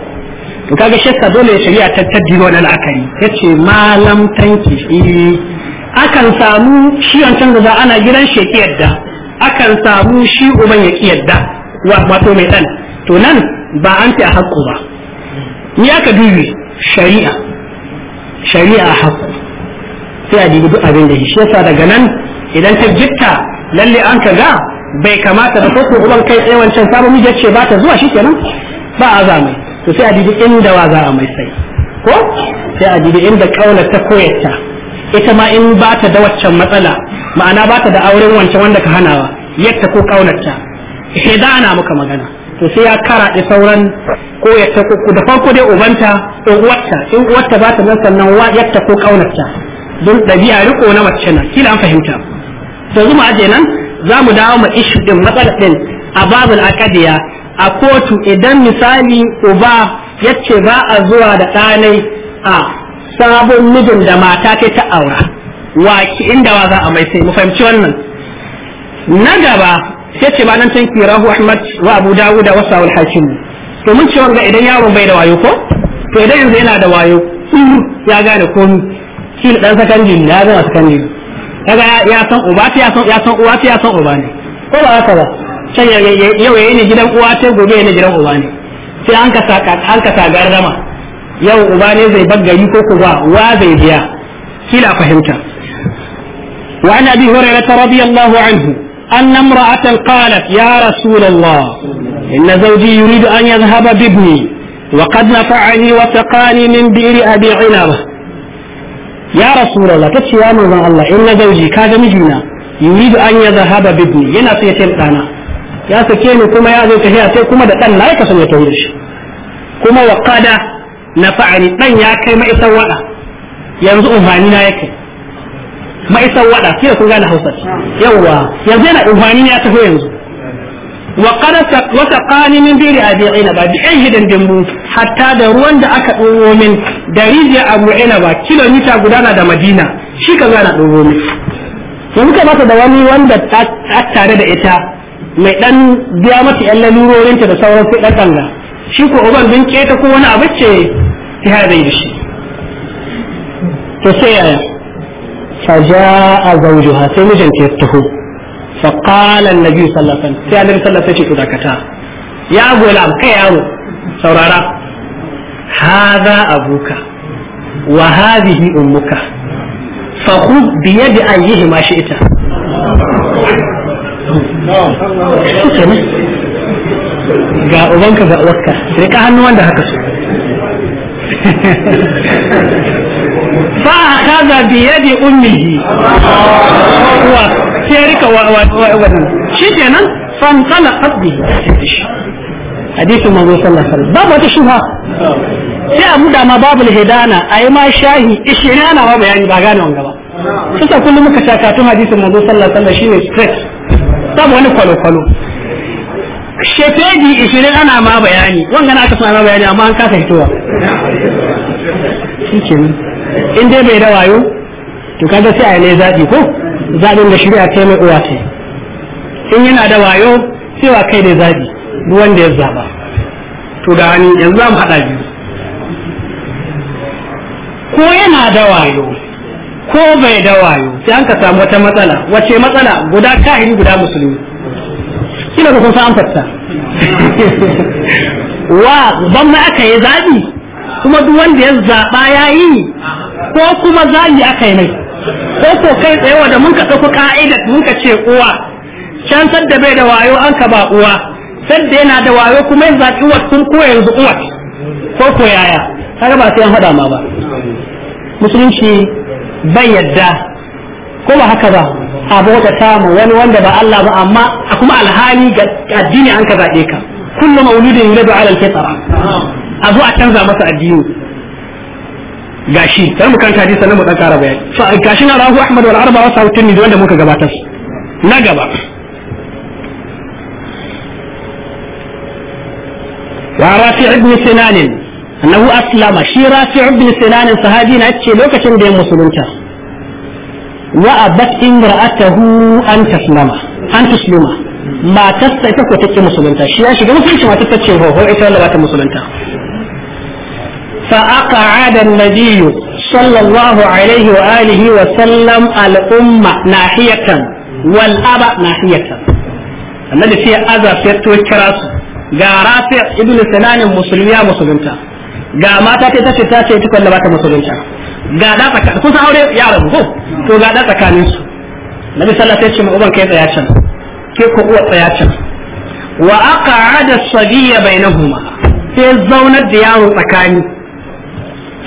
to kaga shekka dole ya shari'a ta taddi wannan akari yace malam tanki eh, akan samu shi wancan da za ana gidan shi yadda akan samu shi uban ya yadda wato mai ɗan to nan ba an fi a haƙƙo ba ni aka dubi shari'a shari'a a haƙƙo sai a dubi duk abin da shi yasa daga nan idan ta jitta lalle an ka ga bai kamata da koko uban kai tsaye wancan sabon mijiyar ce ba ta zuwa shi kenan ba a za to sai a dubi inda wa za a mai sai ko sai a dubi inda kaula ta koyarta ita ma in ba ta da waccan matsala ma'ana ba ta da auren wancan wanda ka hanawa yadda ko kaunarta shaida ana muka magana to sai ya kara da sauran ko ya ta ku da farko dai ubanta in uwarta in uwarta ba ta nan sannan wa ya ta ko kaunarta don dabi'a riko na mace na kila an fahimta to zuma aje nan zamu dawo ma ishu din matsalar din a babul akadiya a kotu idan misali uba yace ba a zuwa da ɗanai a sabon mijin da mata ta ta aura wa inda wa za a mai sai mu fahimci wannan na gaba sai ce malam tan kirahu ahmad wa abu dawuda wa sa'ul hakim to mun ce wanga idan yaron bai da wayo ko to idan yanzu yana da wayo ya gane komi shi da dan sakandin ya gane sakandin kaga ya san uba ta ya san ya san uwa ta ya san uba ne ko ba haka ba can yau yayi ne gidan uwa ta gobe ne gidan uba ne sai an ka saka an ka sagar dama yau uba ne zai baggari ko ko ba wa zai biya kila fahimta وعن ابي هريره رضي الله عنه أن امرأة قالت يا رسول الله إن زوجي يريد أن يذهب بابني وقد نفعني وسقاني من بئر أبي عنبة يا رسول الله تتشي يا الله إن زوجي كاد مجينا يريد أن يذهب بابني ينا سيتم أنا يا سكين كما يا زوجي هي كما دقن لا يكسن يتويش كما وقاد نفعني من يا كيما يسوأ ينزو أهانينا يكي mai sawada kira sun gane Hausa yawa yanzu yana dumfani ne ya taho yanzu wa qad wa taqani min biri abi'ina ba bi ayyidan dambu hatta da ruwan da aka ɗoro min da rijiya abu ina ba kilomita gudana da Madina shi ka gana dowo min yanzu ka bata da wani wanda ta tare da ita mai dan biya mata yan lalurorinta da sauran sai dan kanga shi ko uban bin keta ko wani abu ce ta hada da shi to yaya فجاء زوجها سيمجن يفتهو فقال النبي صلى الله عليه وسلم صلى الله عليه وسلم يا أبو الأم كي يا أبو سورارا هذا أبوك وهذه أمك فخذ بيد أيهما شئت ga ubanka ga uwarka sai ka hannu wanda haka so da فأخذ wa أمه وشارك وأذن شكرا فانطلقت به حديث النبي صلى الله عليه Babu wata وتشوفها sai a muda ma babu hidana a yi ma shahi ishirin ana ma bayani ba gane wanga ba sasa kullum muka shakatun hadisin manzo sallallahu alaihi wasallam shine straight babu wani kwalo kwalo shefeji ishirin ana ma bayani wanga na aka sa ma bayani amma an kasa hitowa shi kenan in dai bai da wayo to kaga sai a ne zaɓi ko zaɓin da shari'a ta mai uwa ce in yana da wayo sai wa kai ne zaɓi duk wanda ya zaɓa to da wani yanzu za mu haɗa biyu ko yana da wayo ko bai da wayo sai an ka samu wata matsala wace matsala guda kahiri guda musulmi kina ko kun san amsarta wa ban ma aka yi zaɓi kuma duk wanda ya zaɓa ya yi ko kuma yi aka yi mai ko ko kai tsaye wanda mun ka ɗauko ka'idar mun ka ce uwa can da bai da wayo an ka ba uwa da yana da wayo kuma yin zaɓi uwar sun ko yanzu uwar ko ko yaya kaga ba sai an haɗa ma ba musulunci bai yadda ko ba haka ba abu wata samu wani wanda ba Allah ba amma a kuma alhali ga addini an ka zaɓe ka kullum mauludin yuladu ala alfitra a zo a canza masa addini gashi sai mu kanta hadisi sannan mu dan kara bayani fa gashi na rahu ahmad wal arba wa sa'u tinni wanda muka gabatar na gaba wa rafi' ibn sinan annahu aslama shi rafi' ibn sinan sahabi na ce lokacin da ya musulunta wa abat imra'atahu an taslama an taslima matarsa ita ko take musulunta shi ya shiga musulunci matarsa ce ho ita wanda ba ta musulunta فأقعد النبي صلى الله عليه وآله وسلم الأمة ناحية والأب ناحية الذي في أذى في التوكراس جاء رافع ابن سنان مسلمية مسلمتا جاء ما تاتي تاتي تاتي تكون لبات مسلمتا جاء دا تكا كنت أولي يعلم هو تو جاء دا تكا نيسو النبي صلى الله عليه وسلم أبن كيف ياتشن كيف قوة ياتشن وأقعد الصبي بينهما sai zaunar da yaro tsakani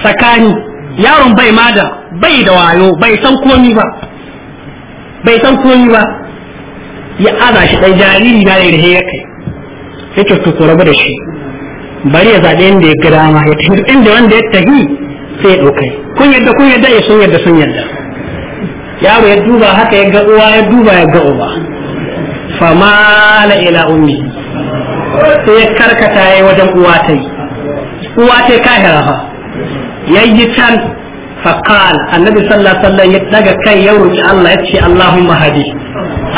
tsakani yaron bai ma da bai da wayo bai san komi ba bai san komi ba ya aza shi dan jariri na da ya kai yake to ku rabu da shi bari ya zaɓe inda ya gida ma ya tafi inda wanda ya tafi sai ya ɗaukai kun yadda kun yadda ya sun yadda sun yadda yaro ya duba haka ya ga uwa ya duba ya ga uba fama la ila ummi sai ya karkata ya wajen uwa ta yi uwa ta yi kahira fa yayi can faqal annabi sallallahu alaihi wasallam ya daga kai ya roki Allah ya Allahumma hadi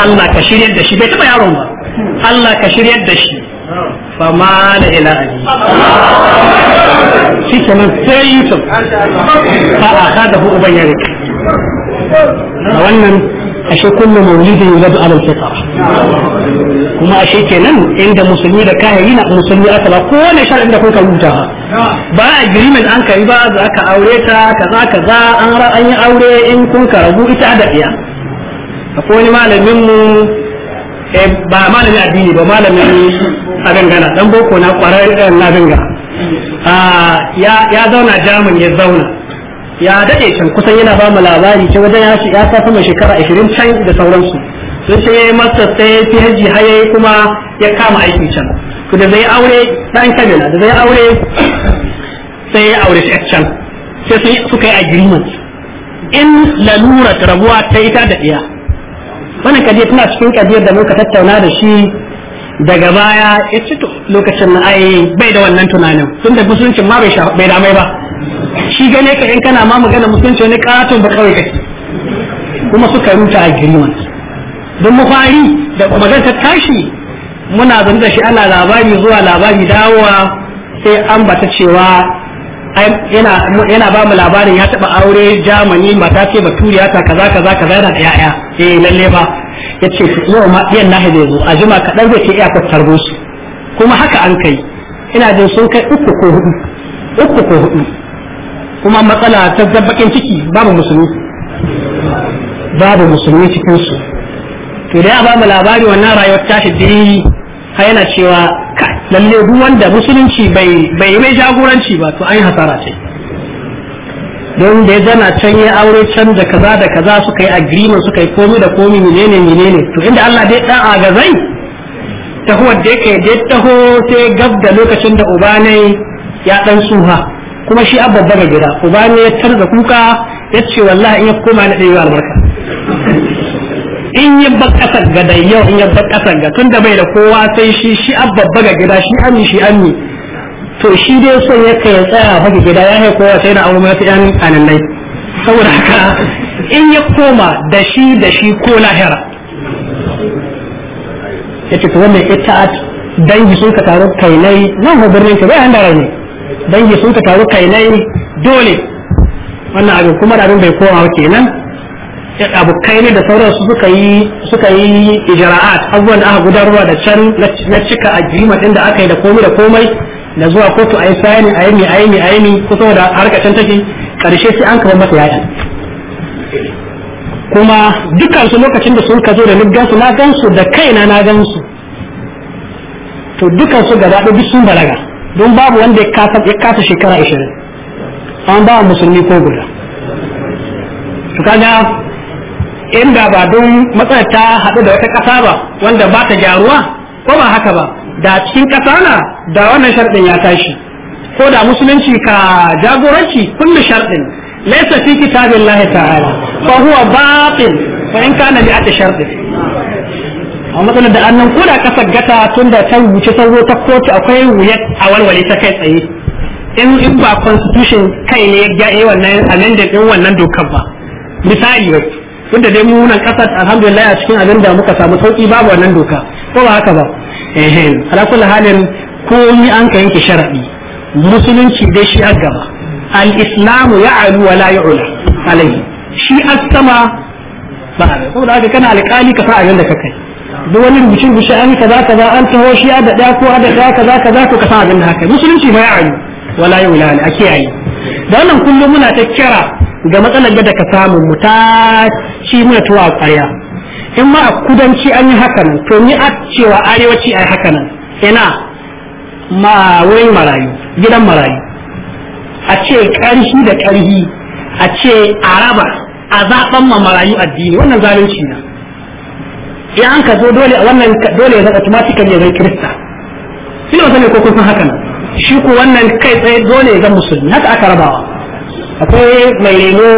Allah ka shiryar da shi bai taba yaron ba Allah ka shiryar da shi shi kenan sai Yusuf fa akhadahu wannan ashe kullu maulidin yuladu ala alfitra kuma ashe kenan inda musulmi da kahiri na musulmi aka ba ko ne sharadin da kuka rubuta ba agreement an kai ba za ka aure ta kaza kaza an an yi aure in kun ka ita da iya akwai wani malamin mu eh, ba malamin addini ba malamin abin gana dan boko na kwarar na ganga ah, ya zauna jamun ya zauna ya daɗe can kusan yana ba mu labari ta wajen ya ya sama shekara 20 can da sauransu sun sai yayi master sai PhD haye kuma ya kama aikin can to da zai aure dan kamila da zai aure sai ya aure shi can sai sai suka yi agreement in lalura rabuwa ta ita da iya wannan kadiyar tana cikin kadiyar da muka tattauna da shi daga baya ya ci lokacin na ai bai da wannan tunanin tun da musulunci ma bai da mai ba shi gane ka in kana ma magana musulunci wani karatun ba kawai kake kuma suka ruta a wani don mafari da magana ta tashi muna zan shi ana labari zuwa labari dawowa sai an bata cewa yana ba mu labarin ya taba aure jamani mata ce ba baturiya ta kaza kaza kaza yana da yaya eh lalle ba su yau ma iyan na zai zo a jima kaɗan zai ce iya kwattargo su kuma haka an kai ina jin sun kai uku ko hudu uku ko hudu kuma matsala ta dabbakin ciki babu musulmi babu musulmi cikin su to da ya ba mu labari wannan rayuwar tashi da har yana cewa lalle duk wanda musulunci bai bai mai jagoranci ba to an yi hasara ce don da ya zana can ya aure can da kaza da kaza suka yi agreement suka yi komi da komi menene menene to inda Allah dai dan agazai ta huwa da yake da taho sai gab da lokacin da ubanai ya dan suha kuma shi abba babba gida uba ne ya tarza kuka ya ce wallahi in ya koma na ɗaya albarka in yi bakasa ga da yau in yi bakasa ga ga da bai da kowa sai shi shi abba babba gida shi ami shi ami to shi dai son ya kai tsaya baka gida ya kai kowa sai na abu mai fi yan kanannai saboda haka in ya koma da shi da shi ko lahira ya ce to wannan ita dangi sun ka taru kainai nan birnin ka bai handa rai ne dangi sun ka taru nai dole wannan abin kuma da abin bai koma kenan abokai ne da sauran su suka yi suka yi ijra'at abubuwan da aka gudarwa da can na cika ajima din da aka yi da komai da komai da zuwa kotu a yi sayani a yi mi a yi mi a yi mi kusa da harkacin take karshe sai an kama masa yayan kuma dukkan su lokacin da sun ka zo da niggan su na gansu da kaina na gansu to dukkan su gaba da sun balaga don babu wanda ya kasa shekara 20 an ba musulmi ko guda to kaga inda ba don matsalar ta haɗu da wata ƙasa ba wanda ba ta gyaruwa ko ba haka ba da cikin ƙasa na da wannan sharɗin ya tashi ko da musulunci ka jagoranci kullu sharɗin laisa fi kitabillahi ta'ala fa huwa batil fa in kana bi sharɗin a matsalar da annan kuna da kasar gata tun da ta wuce sauro ta kotu akwai wuyar a walwale ta kai tsaye in in ba constitution kai ne ya yi wannan amendment din wannan dokar ba misali ba tunda dai mu nan kasar alhamdulillah a cikin abin da muka samu sauki babu wannan doka ko ba haka ba eh ala kullu halin komai an ka yanke sharadi musulunci dai shi an gaba al-islamu ya'alu wa la yu'la alai shi as-sama ba saboda haka kana alƙali ka fa abin da ka kai duk wani rubuce rubuce an kaza kaza an taho shi a da ɗaya ko a da ɗaya kaza kaza to ka abin da haka musulunci ma ya ayu wala yau ne a kiyaye da wannan kullum muna ta kira ga matsalar da ka samu mu ta ci muna tuwa ƙwarya in ma a kudanci an yi haka nan to ni a cewa arewaci a yi haka ina ma wurin marayu gidan marayu a ce ƙarhi da ƙarhi a ce araba a zaɓen ma marayu addini wannan zalunci na in an ka zo dole wannan dole ya zaka automatical ya zai kirista shi ne sanin ko kun san haka shi ko wannan kai tsaye dole ya zama musulmi haka aka rabawa akwai mai lemo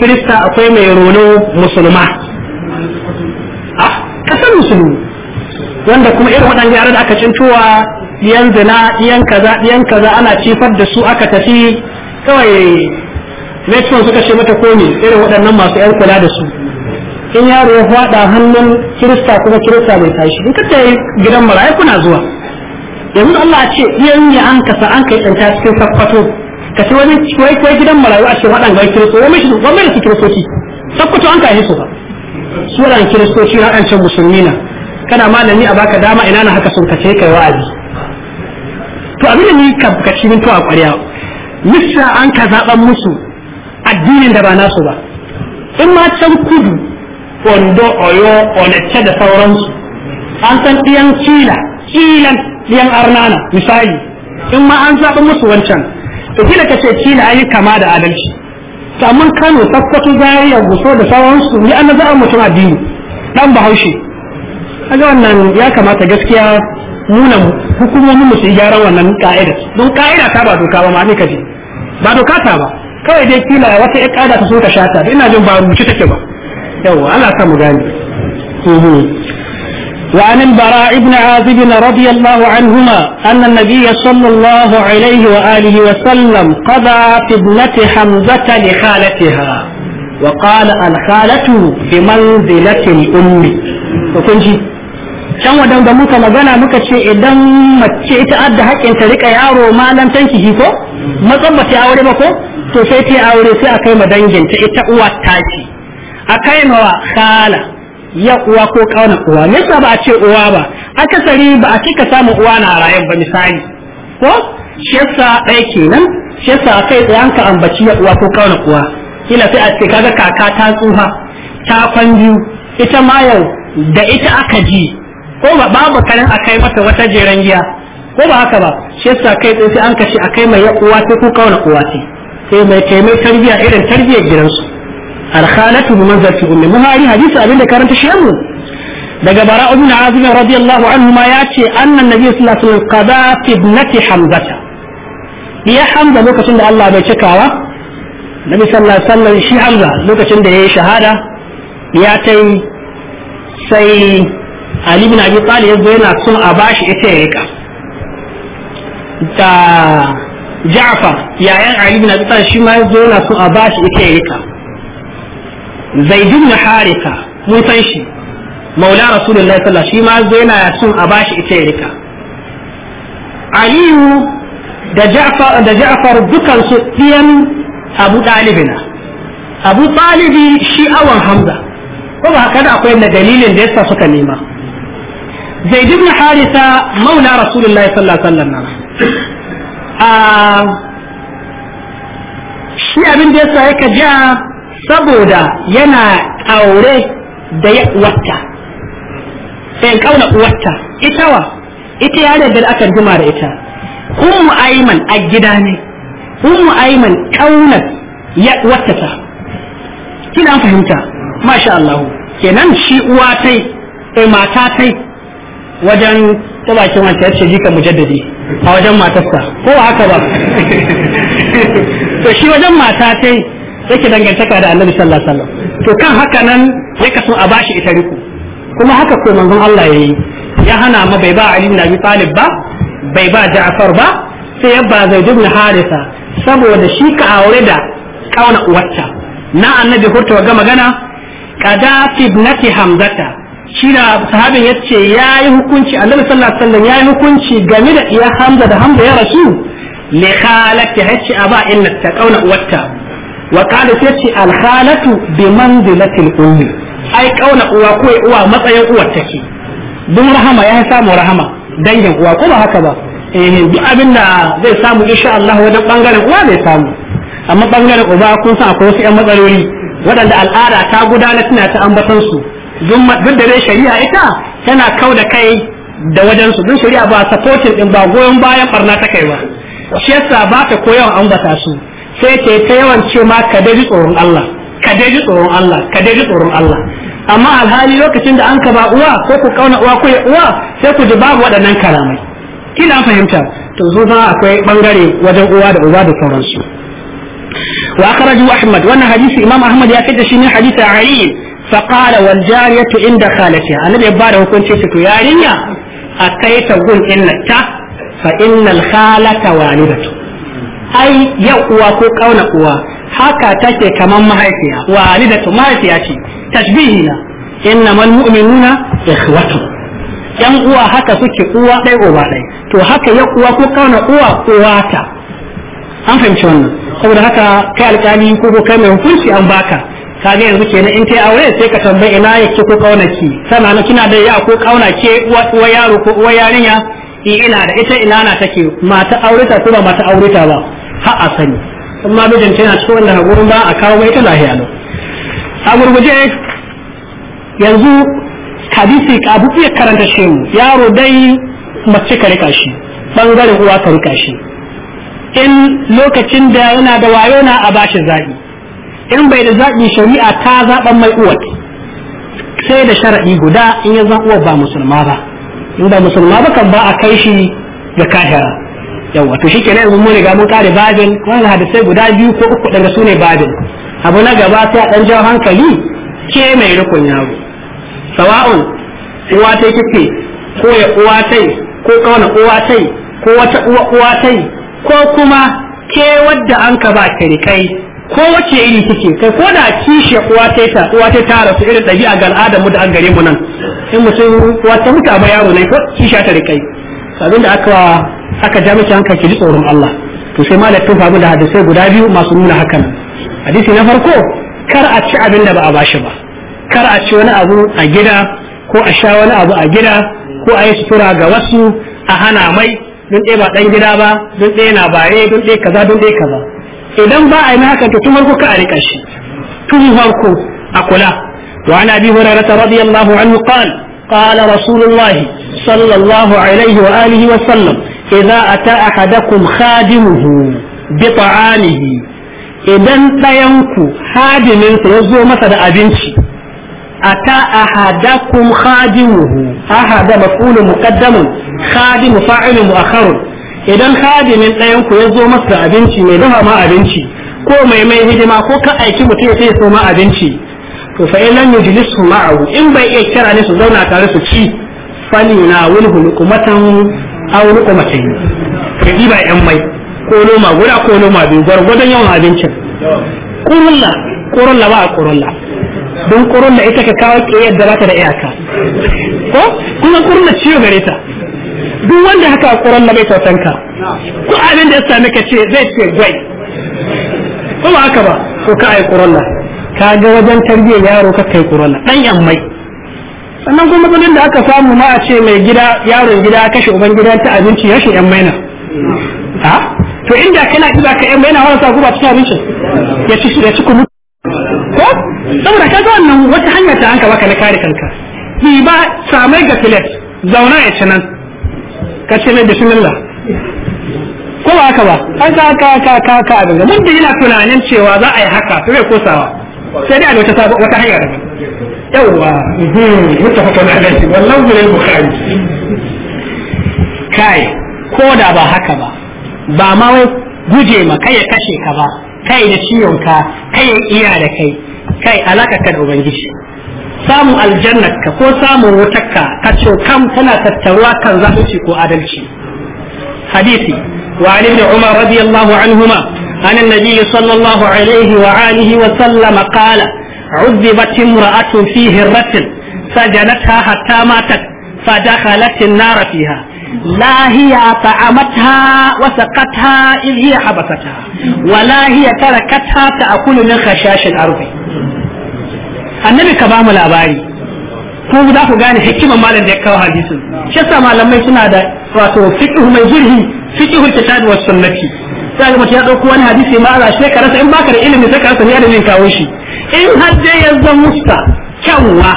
kirista akwai mai reno musulma a kasar musulmi wanda kuma irin waɗanda yaran da aka cintowa ɗiyan zina ɗiyan kaza ɗiyan kaza ana cifar da su aka tafi kawai metron suka ce mata komi irin waɗannan masu 'yan kula da su in yaro ya fada hannun kirista kuma kirista bai tashi in ka tayi gidan marayu kuna zuwa yanzu Allah ya ce iyayen ne an sa an kai tsanta cikin sakwato ka ce wani wai kai gidan marayu a ce wadan ga kirista wani shi wani mai kiristoci sakwato an kai su ba su ran kiristoci na an ce musulmi na kana malami a baka dama ina na haka sun kace kai wa'azi to abin da ni ka ka min to a ƙwariya lissa an ka zaban musu addinin da ba nasu ba in ma can kudu ondo oyo onece da sauransu an san ɗiyan kila kilan ɗiyan arnana misali in ma an zaɓi musu wancan to gina ka ce kila an yi kama da adalci to amma kano sakkwato ya guso da sauransu ni an za mutum addini dan bahaushe kaga wannan ya kamata gaskiya nuna hukumomin mu su yi gyaran wannan ka'ida don ka'ida ta ba doka ba ma ne kaje ba doka ta ba kawai dai kila wata ya kada ta so ka shata ina jin ba ci take ba yawa Allah sa mu وعن البراء بن عازب رضي الله عنهما أن النبي صلى الله عليه وآله وسلم قضى في ابنة حمزة لخالتها وقال الخالة بمنزلة الأم وكنجي muka magana muka ce idan mace ita adda haƙƙin ta rika yaro ma nan tanki ko matsan ba aure ba ko to sai ta aure sai a kai ma dangin ta ita uwa a kaimawa mawa khala ya uwa ko kauna uwa nesa ba a ce uwa ba akasari ba a cika samun uwa na rayan ba misali ko shi yasa ɗaya kenan shi yasa kai tsayan ka ambaci ya uwa ko kauna uwa kila sai a ce kaga kaka ta tsuha ta kwanju ita ma yau da ita aka ji ko ba babu kanin a kai mata wata jeren giya ko ba haka ba shi yasa kai tsaye ka shi a kai mai uwa ko ko kauna uwa ce sai mai taimai irin tarbiyyar gidansu arkhanatu bi manzati ummi muhari hadisi abinda karanta shi mu daga bara ibn azib radiyallahu anhu ma yace annan nabi sallallahu alaihi wasallam qada fi ibnati hamzata ya hamza lokacin da Allah bai cikawa nabi sallallahu alaihi wasallam shi hamza lokacin da yayi shahada ya tai sai ali bin abi talib yazo yana son a bashi ita da ja'far yayan ali bin abi talib shi ma yazo yana son a bashi ita ya zaidun na harika mun san shi maula rasulullahi sallallahu shi ma zo yana son a bashi ita ya rika aliyu da ja'far da ja'far dukan su ɗiyan abu ɗalibina abu ɗalibi shi awan hamza ko ba haka da akwai na dalilin da yasa suka nema zaid ibn harisa maula rasulullahi sallallahu alaihi wasallam a shi abin da yasa yake ja saboda yana aure da ya uwarta sai kauna uwarta ita wa ita yare da aka juma da ita ummu ayman a gida ne ummu ayman kauna ya uwarta ta kina fahimta masha Allah kenan shi uwa tai sai eh, mata tai wajen ta bakin wacce ce jika mujaddadi a wajen matarsa ko haka ba to shi wajen mata tai yake dangantaka da annabi sallallahu alaihi wasallam to kan haka nan ya kaso a bashi ita riku kuma haka ko manzon Allah yayi ya hana ma bai ba Ali ibn Abi Talib ba bai ba Ja'far ba sai ya ba Zaid ibn Haritha saboda shi ka aure da kauna uwarta na annabi hurta ga magana kada ibnati hamzata shi da sahabin ya ce ya yi hukunci annabi sallallahu alaihi wasallam ya yi hukunci game da iya hamza da hamza ya rasu li khalati hacci aba inna ta kauna uwarta wa kana sai ce alhalatu bi manzilatil ummi ai kauna uwa ko uwa matsayin uwar take dun rahama ya samu rahama dangin uwa ko ba haka ba eh duk abin da zai samu insha Allah wajen bangaren uwa zai samu amma bangaren uwa kun san akwai wasu yan matsaloli waɗanda al'ada ta gudana tana ta ambatan su duk da dai shari'a ita tana kau da kai da wajensu. su shari'a ba supporting din ba goyon bayan barna ta kai ba shi yasa ba ta koyon ambata su sai ta ta yawan ce ma ka daji tsoron Allah ka daji tsoron Allah ka daji tsoron Allah amma alhali lokacin da an ka ba uwa ko ku kauna uwa ko uwa sai ku ji babu waɗannan karamai kina fahimta to zo akwai bangare wajen uwa da uba da sauransu wa akhraju ahmad wannan hadisi imam ahmad ya kaita shi ne hadisi ali فقال والجارية عند خالتها النبي بعد وكنت تكو يا رينيا أتيت قل إن التا فإن الخالة والدته ai ya uwa ko kauna uwa haka take kaman mahaifiya walidatu mahaifiya ce tashbihi na innamal mu'minuna ikhwatu yan uwa haka suke uwa dai uba dai to haka ya uwa ko kauna uwa uwata an fahimci wannan saboda haka kai alƙali ko ko kai mai hukunci an baka Ka ga yanzu kenan in kai aure sai ka tambayi ina yake ko kauna ki sana na kina da ya ko kauna ke uwa yaro ko uwa yarinya eh, ina da ita ina na take mata aureta ko ba mata aureta ba ha a sani in ma mijin tana cikin wanda hagurin ba a kawo ita lahiya a gurguje yanzu hadisi abu iya karanta shi mu yaro dai mace ka rika shi bangaren uwa ka rika shi in lokacin da yana da wayo na a bashi zaɓi in bai da zaɓi shari'a ta zaɓan mai uwa sai da sharaɗi guda in ya zaɓuwa ba musulma ba in musulma ba kan ba a kai shi ga kahira yawa to shikenan mun mun riga mun kare babin wannan hadisai guda biyu ko uku daga sune babin abu na gaba sai a dan jawo hankali ke mai rukun yaro sawa'un uwa ta kike ko ya uwa tai ko kauna uwa tai ko wata uwa uwa tai ko kuma ke wadda an ka ba kai ko wace iri kike kai ko da kishe uwa tai ta uwa tai ta rasu irin dabi'a ga al'adar mu da an gare mu nan in mutum uwa ta mutu a yaro ne ko kisha ta rikai abinda aka aka ja mishi hankali ki tsoron Allah to sai malak tun famu da hadisai guda biyu masu nuna hakan hadisi na farko kar a ci abin da ba a bashi ba kar a ci wani abu a gida ko a sha wani abu a gida ko a yi sutura ga wasu a hana mai don ɗaya ba ɗan gida ba don ɗaya na bare don ɗaya kaza don ɗaya kaza idan ba a yi hakan to tun farko ka a riƙa shi tun farko a kula وعن ابي هريره رضي الله عنه قال قال رسول الله صلى الله عليه وآله وسلم إذا أتى أحدكم خادمه بطعامه idan ɗayanku ya zo masa da abinci hadimin ɗayanku ya zo masa mai ko mai mai hidima ko ka aiki mutum ya sai so ma abinci to in ma'ahu in bai iya kira ne su zauna tare su ci na wani hulukumatan luqmatan aw yi. ka diba yan mai ko noma guda ko noma biyu gwargwadon yawan abincin kurulla kurulla ba kurulla don kurulla ita ka kawo yadda za ta da iyaka ko kuma kurulla ciyo gare ta duk wanda haka kurulla bai ka, ko abin da ya same ka ce zai ce gwai ko ba haka ba ko ka ai kurulla ka ga wajen tarbiyyar yaro ka kai kurulla dan yan mai sannan kuma matsalolin da aka samu ma a ce mai gida yaron gida kashe uban gida ta abinci rashin yan maina ha to inda kana kiza ka yan maina wani sa ba cikin abincin ya ci ya ci kunu ko saboda ka ga wannan wata hanya ta hanka baka na kare kanka bi ba samai ga filet zauna ya ci nan ka ce mai bismillah ko ba haka ba an ka ka ka ka ka abin da mun da yana tunanin cewa za a yi haka to bai kosawa sai dai a wata hanya daban yawwa mutafakon alaihi wallan gure bukari kai ko da ba haka ba ba ma wai guje ma kai ya kashe ka ba kai da ciwon ka kai ya iya da kai kai alaka ka da ubangiji samun aljannar ka ko samun wutar ka ka ce kam tana tattaruwa kan zalunci ko adalci hadisi wa ali ibn umar radiyallahu anhuma an annabi sallallahu alaihi wa alihi wa sallama qala عذبت امرأة في هرة فجنتها حتى ماتت فدخلت النار فيها لا هي أطعمتها وسقتها إذ هي حبستها ولا هي تركتها تأكل من خشاش الأرض annabi ka bamu labari ko za ku gane hikimar malam da ya kawo hadisin shi yasa malamai suna da wato fiqhu mai zurhi fiqhu kitab was sunnati sai mutum ya dauko wani hadisi ma ala sai ka rasa in baka da ilimi sai ka rasa ne da zai kawo shi in har dai ya zama musta kyanwa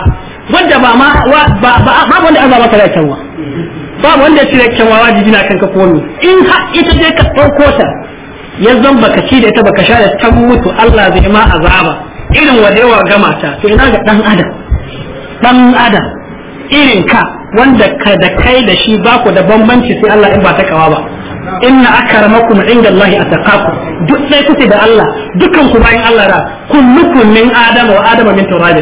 wanda ba ma ba ba wanda Allah baka da kyanwa ba wanda ya cire kyanwa wajibi na kanka ko ne in har ita dai ka dauko ta ya zama baka ci da ita baka sha da ta mutu Allah zai ma azaba irin wadewa ga mata to ina ga dan adam dan adam irin ka wanda ka da kai da shi ba ku da bambanci sai Allah in ba ta kawa ba inna akramakum inda Allah ataqakum duk sai kuke da Allah dukan ku bayan Allah da kullukum min adama wa adama min turab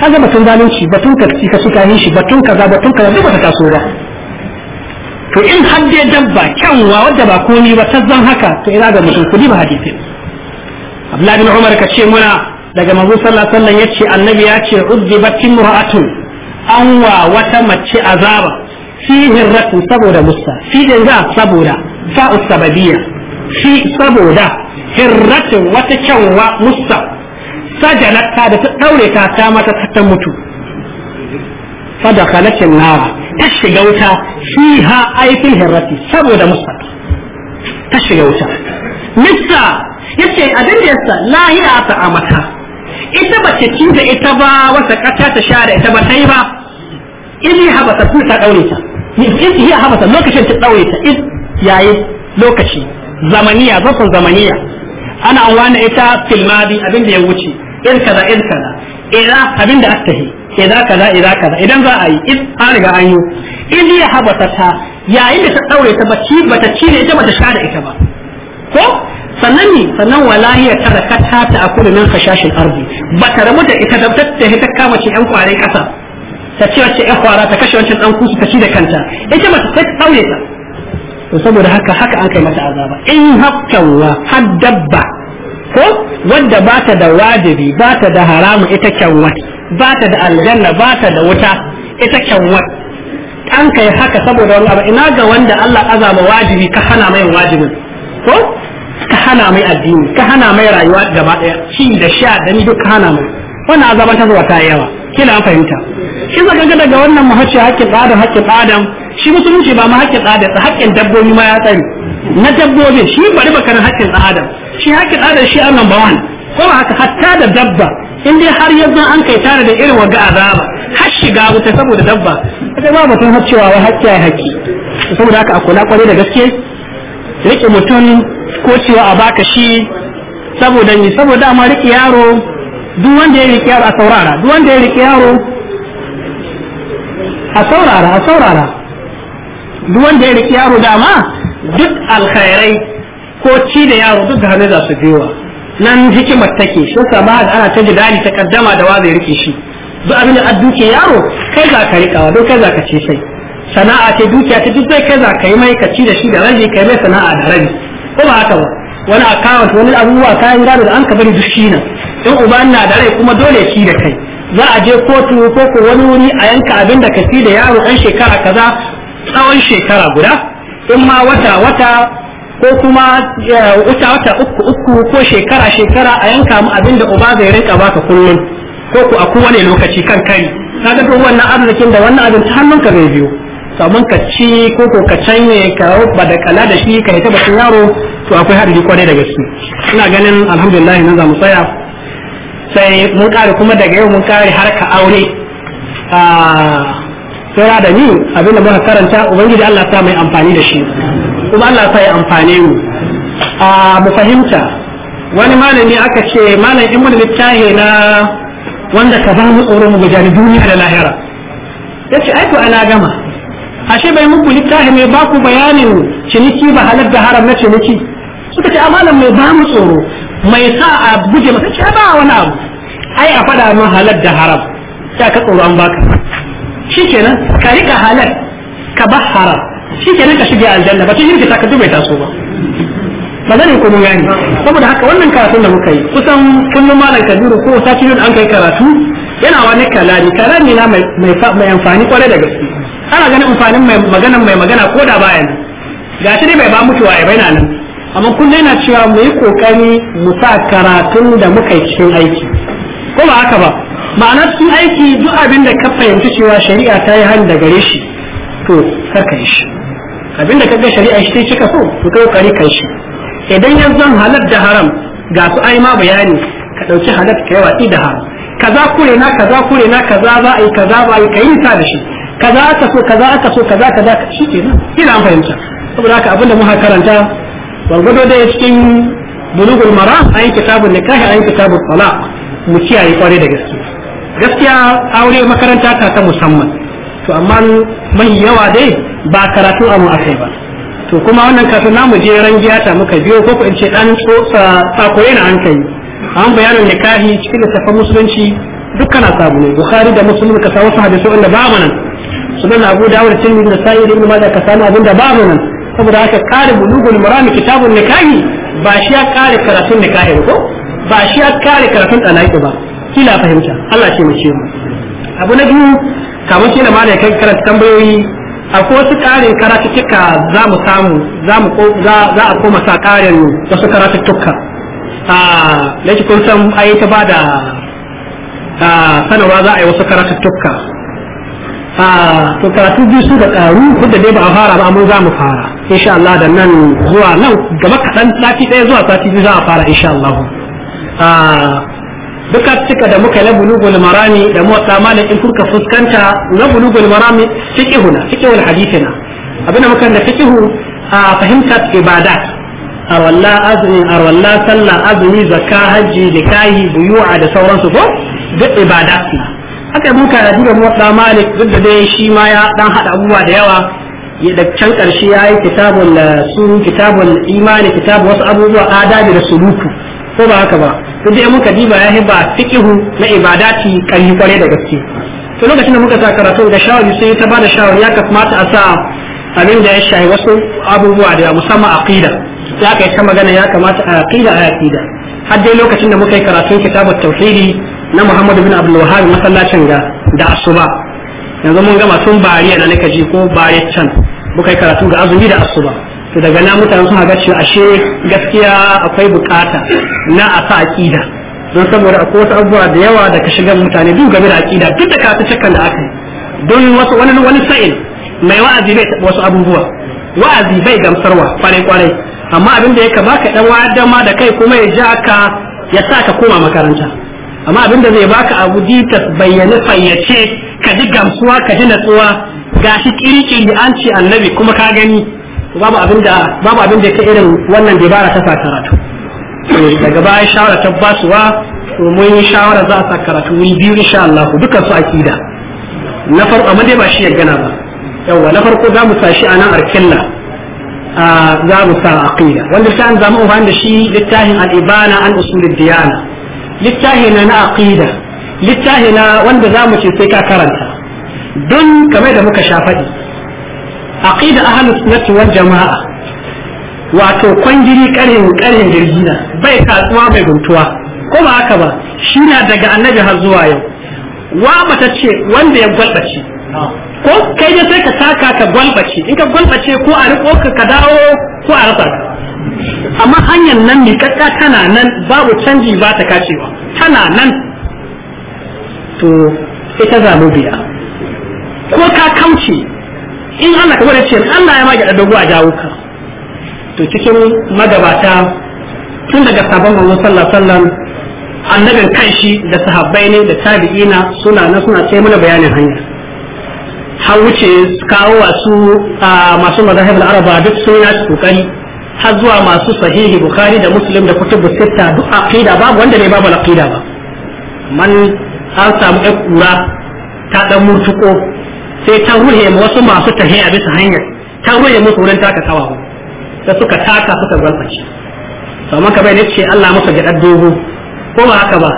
kaga batun zalunci batun kaci ka suka yin shi batun kaza batun kaza duk ta taso ba to in hadde dabba kyanwa wadda ba komi ba ta zan haka to ina ga mutum kudi ba hadisi Abdullahi bin Umar ka ce muna daga manzo sallallahu alaihi wasallam yace annabi yace uddibat imra'atun an wa wata mace azaba fi hirratun saboda musta fi din za saboda fa'u sababiyya fi saboda hirratun wata kyanwa musta sajalatta da ta daure ta mata ta mutu fadakhalatin nara ta shiga wuta fiha aifin saboda ta yace abin da yasa lahiya ta amata ita ba ta ita ba wata kata ta share ita ba tai ba ili haba ta ta daure ta in hiya habasa lokacin ta ɗaure ta in yayi lokaci zamaniya zafin zamaniya ana wani ita filmadi abin da ya wuce in kaza in kaza idan abin da aka yi idan kaza idan kaza idan za a yi in an riga an yi in hiya habasa ta yayin da ta ɗaure ta bacci bata cire ita bata sha da ita ba ko sannan ne sannan walahiya ta da kata ta akulu min khashashil ardi bata rabu da ita da ta kama ce yan kwarai kasa ta ce wacce ƴan fara ta kashe wancan ɗan kusu ta ci da kanta ita mace sai ta ɗaure ta to saboda haka haka an kai mata azaba in hakkanwa har dabba ko wadda ba ta da wajibi ba ta da haramu ita kyanwat ba ta da aljanna ba ta da wuta ita kyanwat an kai haka saboda wani abu ina ga wanda Allah azama wajibi ka hana mai wajibin ko ka hana mai addini ka hana mai rayuwa gaba daya ci da sha da ni duk ka hana mai wannan azaban ta zuwa ta yawa kila fahimta shi zaka ga daga wannan muhacci haƙƙin adam haƙƙin adam shi musulunci ba ma haƙƙin adam da haƙƙin dabbobi ma ya tsari na dabbobi shi bari baka na haƙƙin adam shi haƙƙin adam shi an number one ko ba haka hatta da dabba in dai har yanzu an kai tare da irin waga azaba har shiga wuta saboda dabba kaga ba mutum har cewa wai haƙƙi ya haƙƙi saboda haka a kula kwarai da gaske rike mutum ko cewa a baka shi saboda ni saboda amma rike yaro duk wanda ya riƙe yaro a saurara duk wanda ya riƙe yaro a saurara a saurara duk wanda ya riƙe yaro dama duk alkhairai ko ci da yaro duk da hannu za su biyowa nan hikimar take shi sama da ana ta jidali ta kaddama da wa zai riƙe shi duk abin da an duke yaro kai za ka riƙawa don kai za ka ce sai sana'a ce dukiya ta duk zai kai za ka yi mai ka ci da shi da rabi kai mai sana'a da rabi ko ba haka ba wani akawunt wani abubuwa kayan gado da an ka bari duk shi nan in uba na da rai kuma dole shi da kai za a je kotu ko ko wani wuri a yanka abin da ka ci da yaro ɗan shekara kaza tsawon shekara guda in ma wata wata ko kuma wata wata uku uku ko shekara shekara a yanka mu abin da uba zai rinka baka kullum ko ku a kowane lokaci kan kai kaga duk wannan arzikin da wannan abin ta hannunka zai biyo samun ka ci ko ko ka canye ka ba da kala da shi ka hita batun yaro to akwai hadari kwarai daga gaske ina ganin alhamdulillah nan za mu tsaya sai mun kare kuma daga yau mun kare harka aure a ah, tsira da ni abinda muka karanta ubangiji Allah ta mai amfani da shi kuma Allah ta yi amfane mu a ah, mu fahimta wani malami aka ce malam in wani littafi na wanda ka zama tsoron mu gajari duniya da lahira ya ce aiko ana gama ashe bai muku littahi mai baku bayanin ciniki ba halar da haram na ciniki suka ce a malam mai ba mu tsoro mai sa a guje masa ce ba wani abu ai a faɗa min halar da haram sai ka tsoro an baka kenan ka rika halar ka ba haram shi kenan ka shige aljanna ba ta shirka ta ka dubai taso ba ba zan ko mun gani saboda haka wannan karatun da muka yi kusan kullum malam kabiru ko sati an kai karatu yana wani kalami kalami na mai amfani kwarai da gaske ana ganin amfanin mai magana mai magana ko da bayan ga shi dai bai ba mutuwa ya bai na nan amma kullum yana cewa mu yi kokari mu sa karatun da muka yi cikin aiki ko ba haka ba ma'ana cikin aiki duk abin da ka fahimci cewa shari'a ta yi hannu da gare shi to kar ka yi shi abin da kaga shari'a shi ta cika so to kai kokari ka shi idan ya zan halal da haram ga su ai ma bayani ka ɗauki halal ka yi watsi da haram kaza kure na kaza kure na kaza za a yi kaza ba a yi ka yi sa da shi kaza aka so kaza aka so kaza kaza shi ke nan an fahimta saboda haka abinda muka karanta gwargwado da cikin bulugul mara a yi kitabun nikahi a yi kitabun talaq mu kiyaye kwarai da gaske gaskiya aure makaranta ta ta musamman to amma mai yawa dai ba karatu a mu akai ba to kuma wannan kafin namu je ran giyata muka biyo ko in ce dan tsotsa tsakoye na an kai an bayanin nikahi cikin littafin musulunci dukkan asabu ne bukhari da muslim ka samu wasu hadisi wanda babu nan sunan abu dawud tirmidhi da sa'id ibn majah ka samu abinda babu nan saboda haka kare bulugul marami kitabun nikahi ba shi ya kare karatun nikahi ko ba shi ya kare karatun talaqi ba kila fahimta Allah ce mu ce mu abu na biyu kamar kila ma da kai karanta tambayoyi akwai wasu karin karatuttuka za mu samu za mu za a koma sa karin wasu karatuttuka ah, a laki kun san ai ta bada ah, sanarwa za a yi wasu karatuttuka ah, to karatu biyu su da karu duk da dai ba a fara ba amma za mu fara insha Allah da nan zuwa nan gaba kaɗan sati ɗaya zuwa sati biyu za a fara insha Allah ah, duka cika da muka yi bulugul marami da motsa malam in kurka fuskanta na bulugul marami fiqhuna fiqhul hadithina abinda muka da fiqhu a fahimtar ibadat arwalla azumi arwalla sallah azumi zakka hajji likahi buyu'a da sauransu ko duk ibadat haka muka da diga motsa malik duk da dai shi ma ya dan hada abubuwa da yawa da can karshe ya yi kitabul eh, su kitabul imani kitab wasu abubuwa adabi da suluku ko ba haka ba to dai muka diba ya ba fiqhu na ibadati kan yi kware da gaske to lokacin da muka sa karatu da shawari sai ta bada shawari ya kamata a sa abin da ya shahi wasu abubuwa da musamman aqida ya kai ta magana ya kamata a aqida a aqida har dai lokacin da muka yi karatun kitabar tauhidi na Muhammad bin Abdul Wahhab masallacin ga da asuba yanzu mun gama sun bari a nake ji ko bari can muka yi karatu ga azumi da asuba to daga nan mutane sun ga cewa ashe gaskiya akwai bukata na a sa aqida don saboda akwai wasu abubuwa da yawa da ka shiga mutane duk game da aqida duk da ka ta cakkan da aka don wasu wani wani sa'in mai wa'azi bai taɓa wasu abubuwa wa'azi bai gamsarwa kwarai kwarai amma abin da ya ka ka dan dama da kai kuma ya ja ka ya sa ka koma makaranta amma abin da zai baka abu ditas bayyane fayyace ka ji gamsuwa ka ji natsuwa gashi da an ce annabi kuma ka gani babu abin da babu abin da ka irin wannan dabara ta sa karatu eh, daga baya shawara ta basuwa to mun yi shawara za a sa karatu mun biyu insha Allah dukkan su akida na farko amma dai ba shi ya gana ba yawa na farko za mu sa shi a nan arkilla za mu sa aqida wanda sai an zamu da shi littahin al-ibana an usulud diyana littahin na aqida littafi na wanda za mu ce sai ka karanta don kamar da muka sha faɗi aqida ahlus sunnati wal jama'a wato kwangiri karin karin jirgi na bai tsuwa bai guntuwa ko ba haka ba shi na daga annabi har zuwa yau wa mata ce wanda ya gwalbace ko kai ne sai ka taka ka gwalbace in ka gwalbace ko a riko ka ka dawo ko a rasa amma hanyar nan ne kakka tana nan babu canji ba ta kacewa tana nan to ita za mu biya ko ka kauce in Allah ka gwada ce Allah ya ma gyaɗa dogo a jawo ka to cikin magabata tun daga sabon manzo sallallahu alaihi annabin kanshi da sahabbai ne da tabi'ina suna na suna sai mana bayanin hanya which is kawo wasu masu mazahibul araba duk sun yi kokari har zuwa masu sahihi bukhari da muslim da kutubu sitta duk aqida babu wanda ne babu aqida ba man an samu ɗan kura ta ɗan murtuko sai ta ruhe wasu masu a bisa hanyar ta ruhe musu wurin taka kawawa da suka taka suka gwarfaci amma ka bai ce Allah masa ga ɗan dogo ko ba haka ba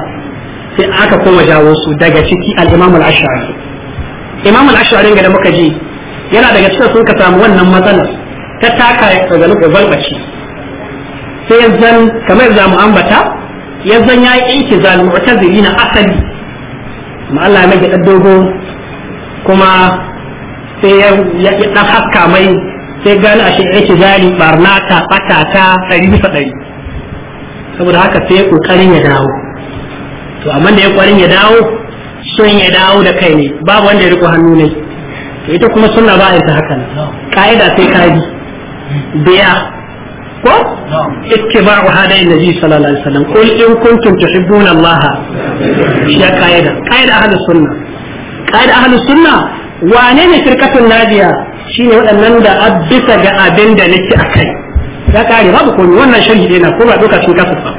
sai aka koma jawo su daga ciki al-Imam al-Ash'ari Imam al-Ash'ari ga da muka ji yana daga cikin sun ka samu wannan matsalar ta taka daga ga gwarfaci sai yanzan kamar za mu ambata yanzan yayi inki zal ta na asali kuma Allah ya dan dogo kuma sai ya dan hakka mai sai gani a shi'ai ki zari barna ta bata ta ɗari bisa ɗari saboda haka sai kokarin ya dawo to amma da ya kwarin ya dawo sun ya dawo da kai ne babu wanda ya riko hannu ne to ita kuma suna ba a haka hakan ka'ida sai kaji biya ko ittiba'u hadayin nabi sallallahu alaihi wasallam qul in kuntum tuhibbuna Allah ya kaida kaida ahlus sunna kaida ahlus sunna wane ne firkatun nadiya shine waɗannan da abisa ga abin da nake akai ya kare babu komai wannan sharhi ne na ko ba doka cin kasu fa.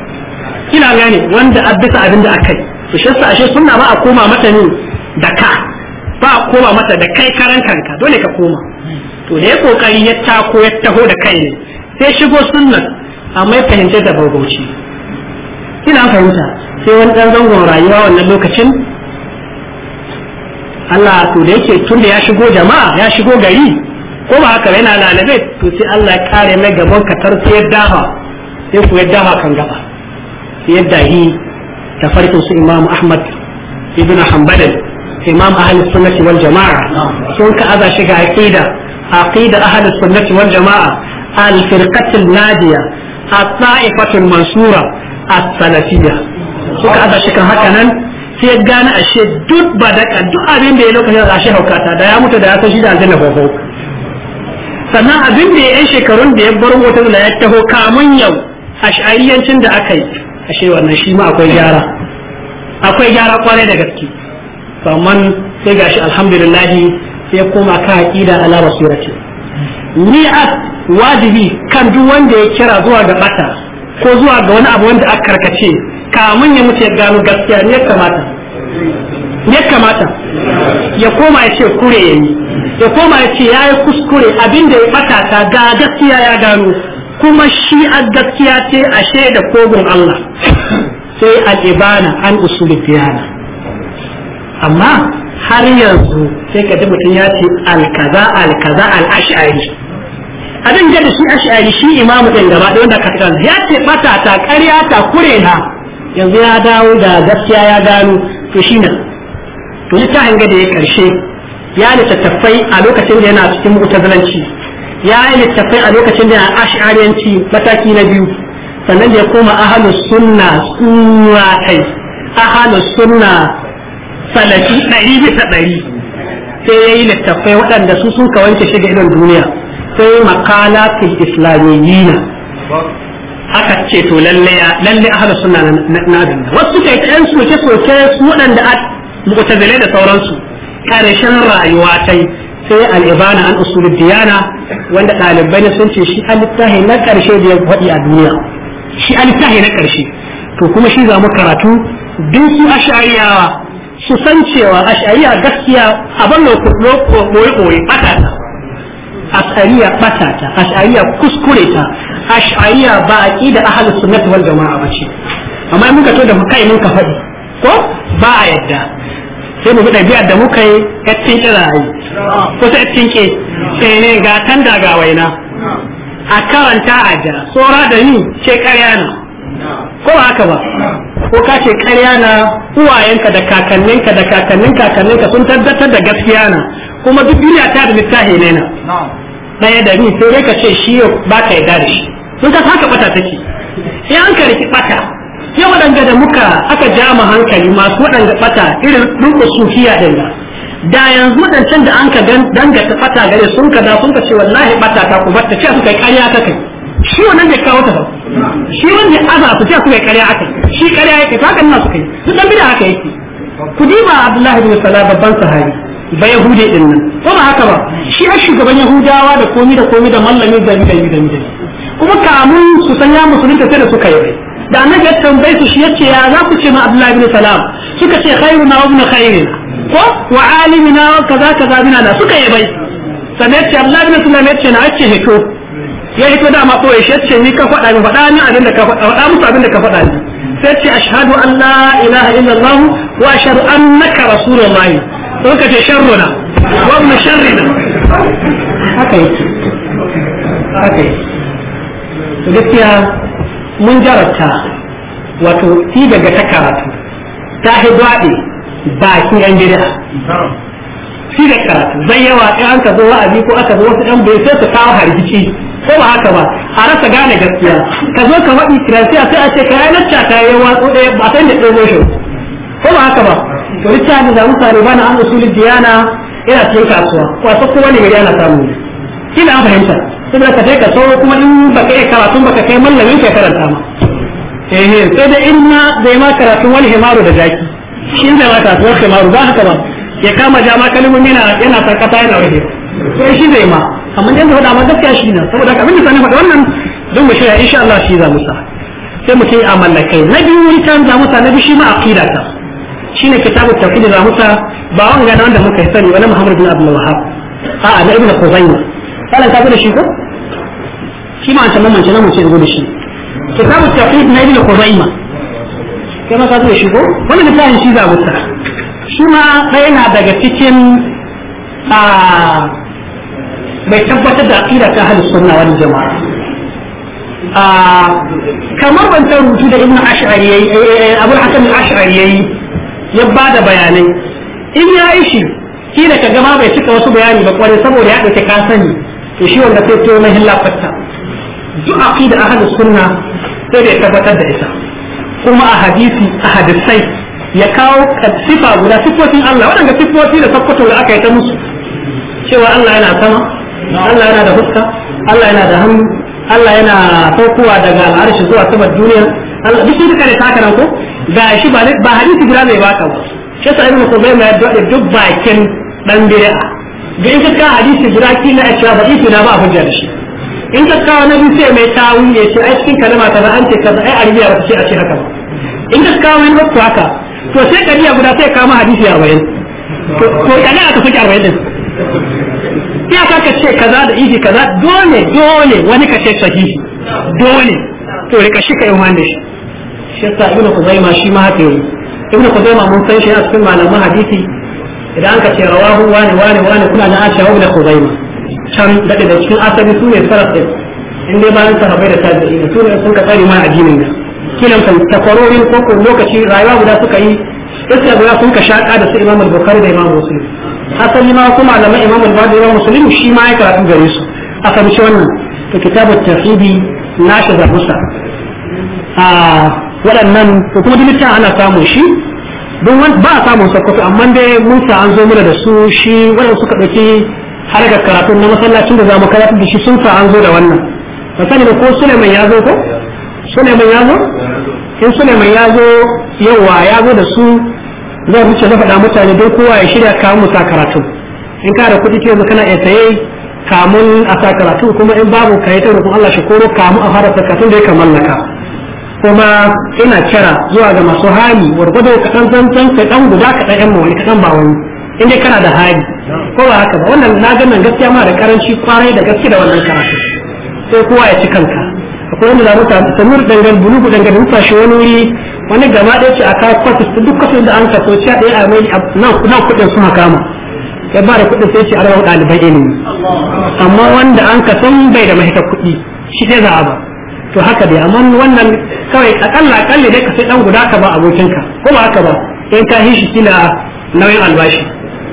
kina gane wanda abisa abin da akai to shassa ashe sunna ba a koma mata ne da ka ba a koma mata da kai karan kanka dole ka koma to da ya kokari ya tako ya taho da kai ne sai shigo sunnan amma ya fahimce da bauchi ina fahimta sai wani dan zangon rayuwa wannan lokacin Allah to da yake tun da ya shigo jama'a ya shigo gari ko ba haka yana lalabe to sai Allah ya kare mai gaban ka sai ya daha sai ku ya daha kan gaba sai ya dahi ta farkin su Imam Ahmad ibn Hanbal Imam Ahlus Sunnah wal Jama'a sun ka aza shiga aqida aqida Ahlus Sunnah wal Jama'a الفرقة الناجية الطائفة المنصورة السلفية suka aza shi haka nan sai gane ashe duk ba da duk abin da ya lokacin da ashe haukata da ya mutu da ya san shi da aljanna fofo sannan abin da ya yan shekarun da ya bar wata da ya taho kamun yau ash'ariyancin da aka yi ashe wannan shi ma akwai gyara akwai gyara kwarai da gaske sannan sai gashi alhamdulillah sai koma ka aqida ala basirati ni wajibi kan duk wanda ya kira zuwa ga bata ko zuwa ga wani abu wanda aka karkace kamun ya mutu ya gano gaskiya ne ya kamata ya kamata ya koma ya ce kure ya yi ya koma ya ce ya yi kuskure abinda ya bata ta ga gaskiya ya gano kuma shi a gaskiya ce a shaida kogon Allah sai al'ibana an usuli fiyana amma har yanzu sai ka ji mutum ya ce kaza al ash'ari abin da shi ash'ari shi imamu din gaba da wanda ka ya ce bata ta ƙarya ta kure na yanzu ya dawo da gaskiya ya gano to shi nan to littafin ga da ya karshe ya littattafai a lokacin da yana cikin mutazalanci ya yi littattafai a lokacin da yana ash'ariyanci mataki na biyu sannan ya koma ahalus sunna sunna kai ahalus sunna salafi ɗari bisa ɗari sai ya yi littattafai waɗanda su sun kawance shiga irin duniya sai makalatul islamiyyina aka ce to lalle lalle ahlus sunna na abin wasu kai kan soke soke su wadanda mu'tazile da sauransu karshen rayuwa tai sai al-ibana an usulul diyana wanda ɗalibai ne sun ce shi al-tahi na karshe da ya faɗi a duniya shi al-tahi na karshe to kuma shi za mu karatu duk su ash'ariyawa su san cewa ash'ariya gaskiya abin da koyi koyi ɓata ash'ariya bata ta ash'ariya kuskure ta ash'ariya ba a da ahalus sunnah wal jamaa ba ce amma in muka to da kai yi ka faɗi ko ba a yadda sai mu bi biyar da muka yi yattin kirayi ko ta yattin ke sai ne ga tan da ga waina a karanta a da tsora da ni ce ƙarya na ko haka ba ko ka ce ƙarya na uwayenka da kakanninka da kakannin kakanninka sun tabbatar da gaskiya na kuma duk duniya ta da littafi ne na daya da biyu sai dai ka ce shi ba ka yarda da shi sun ka saka bata take sai an ka riki bata sai waɗanda da muka aka ja mu hankali masu waɗanda bata irin ɗin sufiya din nan da yanzu can da an ka ta bata gare sun ka da sun ka ce wallahi bata ta ku bata ce suka yi kariya ta kai shi wannan ne kawo ta shi wanda aza su ce su yi ƙarya ta shi ƙarya yake ta kan nasu kai yi su dan bida haka yake ku diba Abdullahi bin Salam babban sahabi ba yahude din nan ko ba haka ba shi a shugaban yahudawa da komi da komi da mallami da mi da mi da mi kuma kamun su san ya musulunta sai da suka yi da annabi ya tambaye su shi yace ya za ku ce ma abdullahi ibn salam suka ce khairuna wa ibn khairina ko wa alimina wa kaza kaza bina da suka yi bai sannan yace abdullahi ibn salam yace na yace hito ya hito da ma ko yace ni ka faɗa ni faɗa ni abin da ka faɗa faɗa musu abin da ka faɗa ni sai ce ashhadu an la ilaha illallah wa ashhadu annaka rasulullahi ko ka ce sharruna wannan sharrina haka yake haka yake to gaskiya mun jarabta wato fi daga ta karatu ta hidwaɗe bakin yan gida fi da karatu zai yawa in an ka zo wa'azi ko aka zo wasu ɗan bai sai su kawo hargici ko ba haka ba a rasa gane gaskiya ka zo ka faɗi kiransiya sai a ce ka yi nacca ka yi watsu ɗaya ba sai da ɗaya ko ba haka ba to littafin da mutane bana an usulul diyana yana cikin kasuwa kwasa kowa ne gari ana samu ne kila an fahimta saboda ka kai kuma in baka iya karatun baka kai mallamin ka karanta ma eh sai da in ma zai ma karatun wani himaru da jaki shi zai ma karatun wani himaru ba haka ba ya kama jama kalmomi yana sarkata yana waje to shi zai ma amma yanzu faɗa ma gaskiya shi na saboda ka abinda sanin faɗa wannan don mu shirya insha Allah shi za mu sa sai mu ce a mallakai na biyu ni kan za mu sa na shi ma shine kitabu tafsir da musa ba wanga na wanda muka sani wala muhammad bin abdul wahhab a a da ibnu qudayma falan ka gode shi ko shi ma an tamman jana mu ce gode shi kitabu tafsir na ibnu qudayma kana ka gode shi ko wannan littafin shi za musa shi ma ɗaya yana daga cikin a mai tabbatar da aqida ta ahlus sunna wal jama'a a كما بنت rubutu ابن ibnu أبو yayi abul ya ba da bayanai in ya yi shi kila ka gama bai cika wasu bayani ba kwarai saboda ya ɗauke ka sani to shi wanda sai to mai hillafatta duk aqida ahli sunna sai da tabbatar da ita kuma a hadisi a hadisai ya kawo sifa guda sifofin Allah waɗanda sifofi da sakkwato da aka yi ta musu cewa Allah yana sama Allah yana da fuska Allah yana da hannu Allah yana saukowa daga al'arshi zuwa saman duniya Allah duk shi duka ne taka nan ko ga shi ba ba hadisi guda bai baka ba shi sa ibnu kubayma ya dade duk bakin dan bid'a ga in ka ka hadisi guda na a cewa bai tuna ba a hujja da shi in ka kawo na biyu sai mai tawi ya ce ai cikin kalma ta ba an ce kaza ai arabiya ba ce a ce haka ba in ka kawo wani wasu haka to sai kariya guda sai kama hadisi ya bayan to kana aka saki a bayan din sai aka ka ce kaza da iji kaza dole dole wani ka ce sahihi dole to rika shi ka yi shi shi ibn kuzaima shi ma haka ibn mun san shi a cikin malaman hadisi idan an ce rawahu wani wani wani kuna asha ibn can dade da cikin asali su ne sarrafa bayan sahabbai da tabi'i su ne sun ka tsari ma addinin kilan kan takwarorin ko ko lokaci rayuwa guda suka yi iska guda sun ka shaka da su imam al-bukhari da imam muslim asali ma kuma malaman imam al-bukhari da imam muslim shi ma ya karatu gare su a wannan to kitabu tafsiri waɗannan to kuma duk ana samun shi don ba a samun sokoto amma dai mun sa an zo mana da su shi waɗanda suka ɗauki har da karatu na masallacin da zamu karatu da shi sun sa an zo da wannan ba sani ko Suleiman ya zo ko Suleiman ya zo in Suleiman ya zo yawa ya zo da su zai wuce na faɗa mutane don kowa ya shirya kawo mu karatu in ka da kuɗi ce kana iya saye kamun a sa karatu kuma in babu kayi ta roƙon Allah shi koro kamu a fara sakatun da ya mallaka. kuma ina kira zuwa ga masu hali wargwado kaɗan sai dan guda kaɗan yan ka dan ba wani inda kana da hali ko ba haka ba wannan na ga nan gaskiya ma da karanci kwarai da gaske da wannan karatu sai kowa ya ci kanka akwai wanda zamu samu samir dangan bulugu dangan rufa shi wani wuri wani gaba ɗaya ce a kawo kwatis duk kwatis da an kaso ci a ɗaya a mai nan kuɗin su ma ya ba da kuɗin sai ce a rawar ɗalibai ne amma wanda an kasan bai da mahita kuɗi shi sai za a ba to haka dai amma wannan kawai akalla akalla dai ka sai dan guda ka ba abokinka ko ba haka ba in ka hishi kila nauyin albashi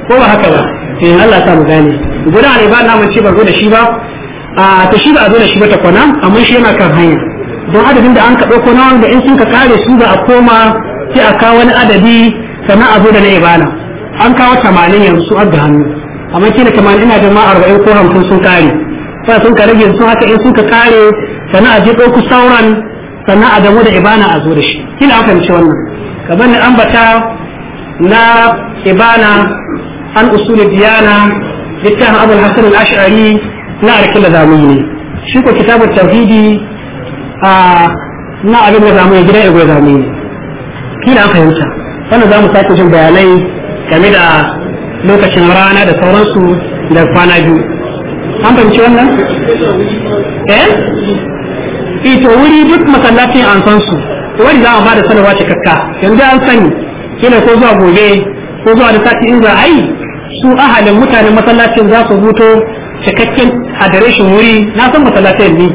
ko ba haka ba to eh Allah sa mu gane guda ne ba namun ce ba zo da shi ba a to shi ba a zo da shi ba ta kwana amma shi yana kan hanya don adadin da an ka dauko na wanda in sun ka kare su ba a koma sai a kawo wani adadi sannan a zo da na ibana an kawo 80 yanzu an ga hannu amma kila 80 ina da ma 40 ko 50 sun kare fa sun ka rage su haka in sun ka kare sannan a je dauko sauran sannan Adamu da ibana a zo da shi kila an fahimci wannan kamar na ambata na ibana an usuli diyana littafin abul hasan al-ash'ari na arkila zamani ne shi ko kitabut tauhidi a na abin da zamani gidan ego zamani ne Kina an fahimta wannan za mu sake jin bayanai game da lokacin rana da sauransu da kwana biyu an fahimci wannan eh Eh, to wuri duk masallacin an san su wani za a ba da salawa cikakka yanzu an sani kila ko zuwa gobe ko zuwa da sati in za yi su ahalin mutanen masallacin za su huto cikakken adireshin wuri na san masallacin ne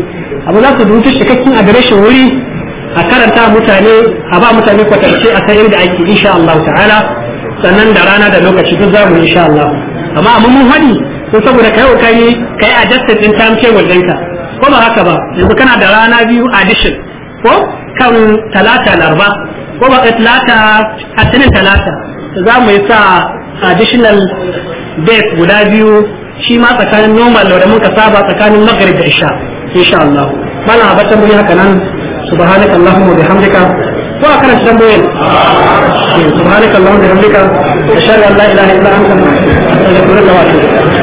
abu za su dutu cikakken adireshin wuri a karanta mutane a ba mutane kwatance a san inda ake insha Allah ta'ala sannan da rana da lokaci duk za mu insha Allah amma amma mun hadi ko saboda kai kai kai adjusted din time table ɗinka ko ba haka ba yanzu kana da rana biyu addition ko kan talata larba ko ba eh, talata asinin talata za mu yi sa additional date guda biyu shi ma tsakanin normal da muka saba tsakanin maghrib da isha insha Allah bana bata mu haka nan subhanaka allahumma bihamdika a kana tambayin subhanaka allahumma bihamdika ashhadu an la ilaha illa anta astaghfiruka wa atubu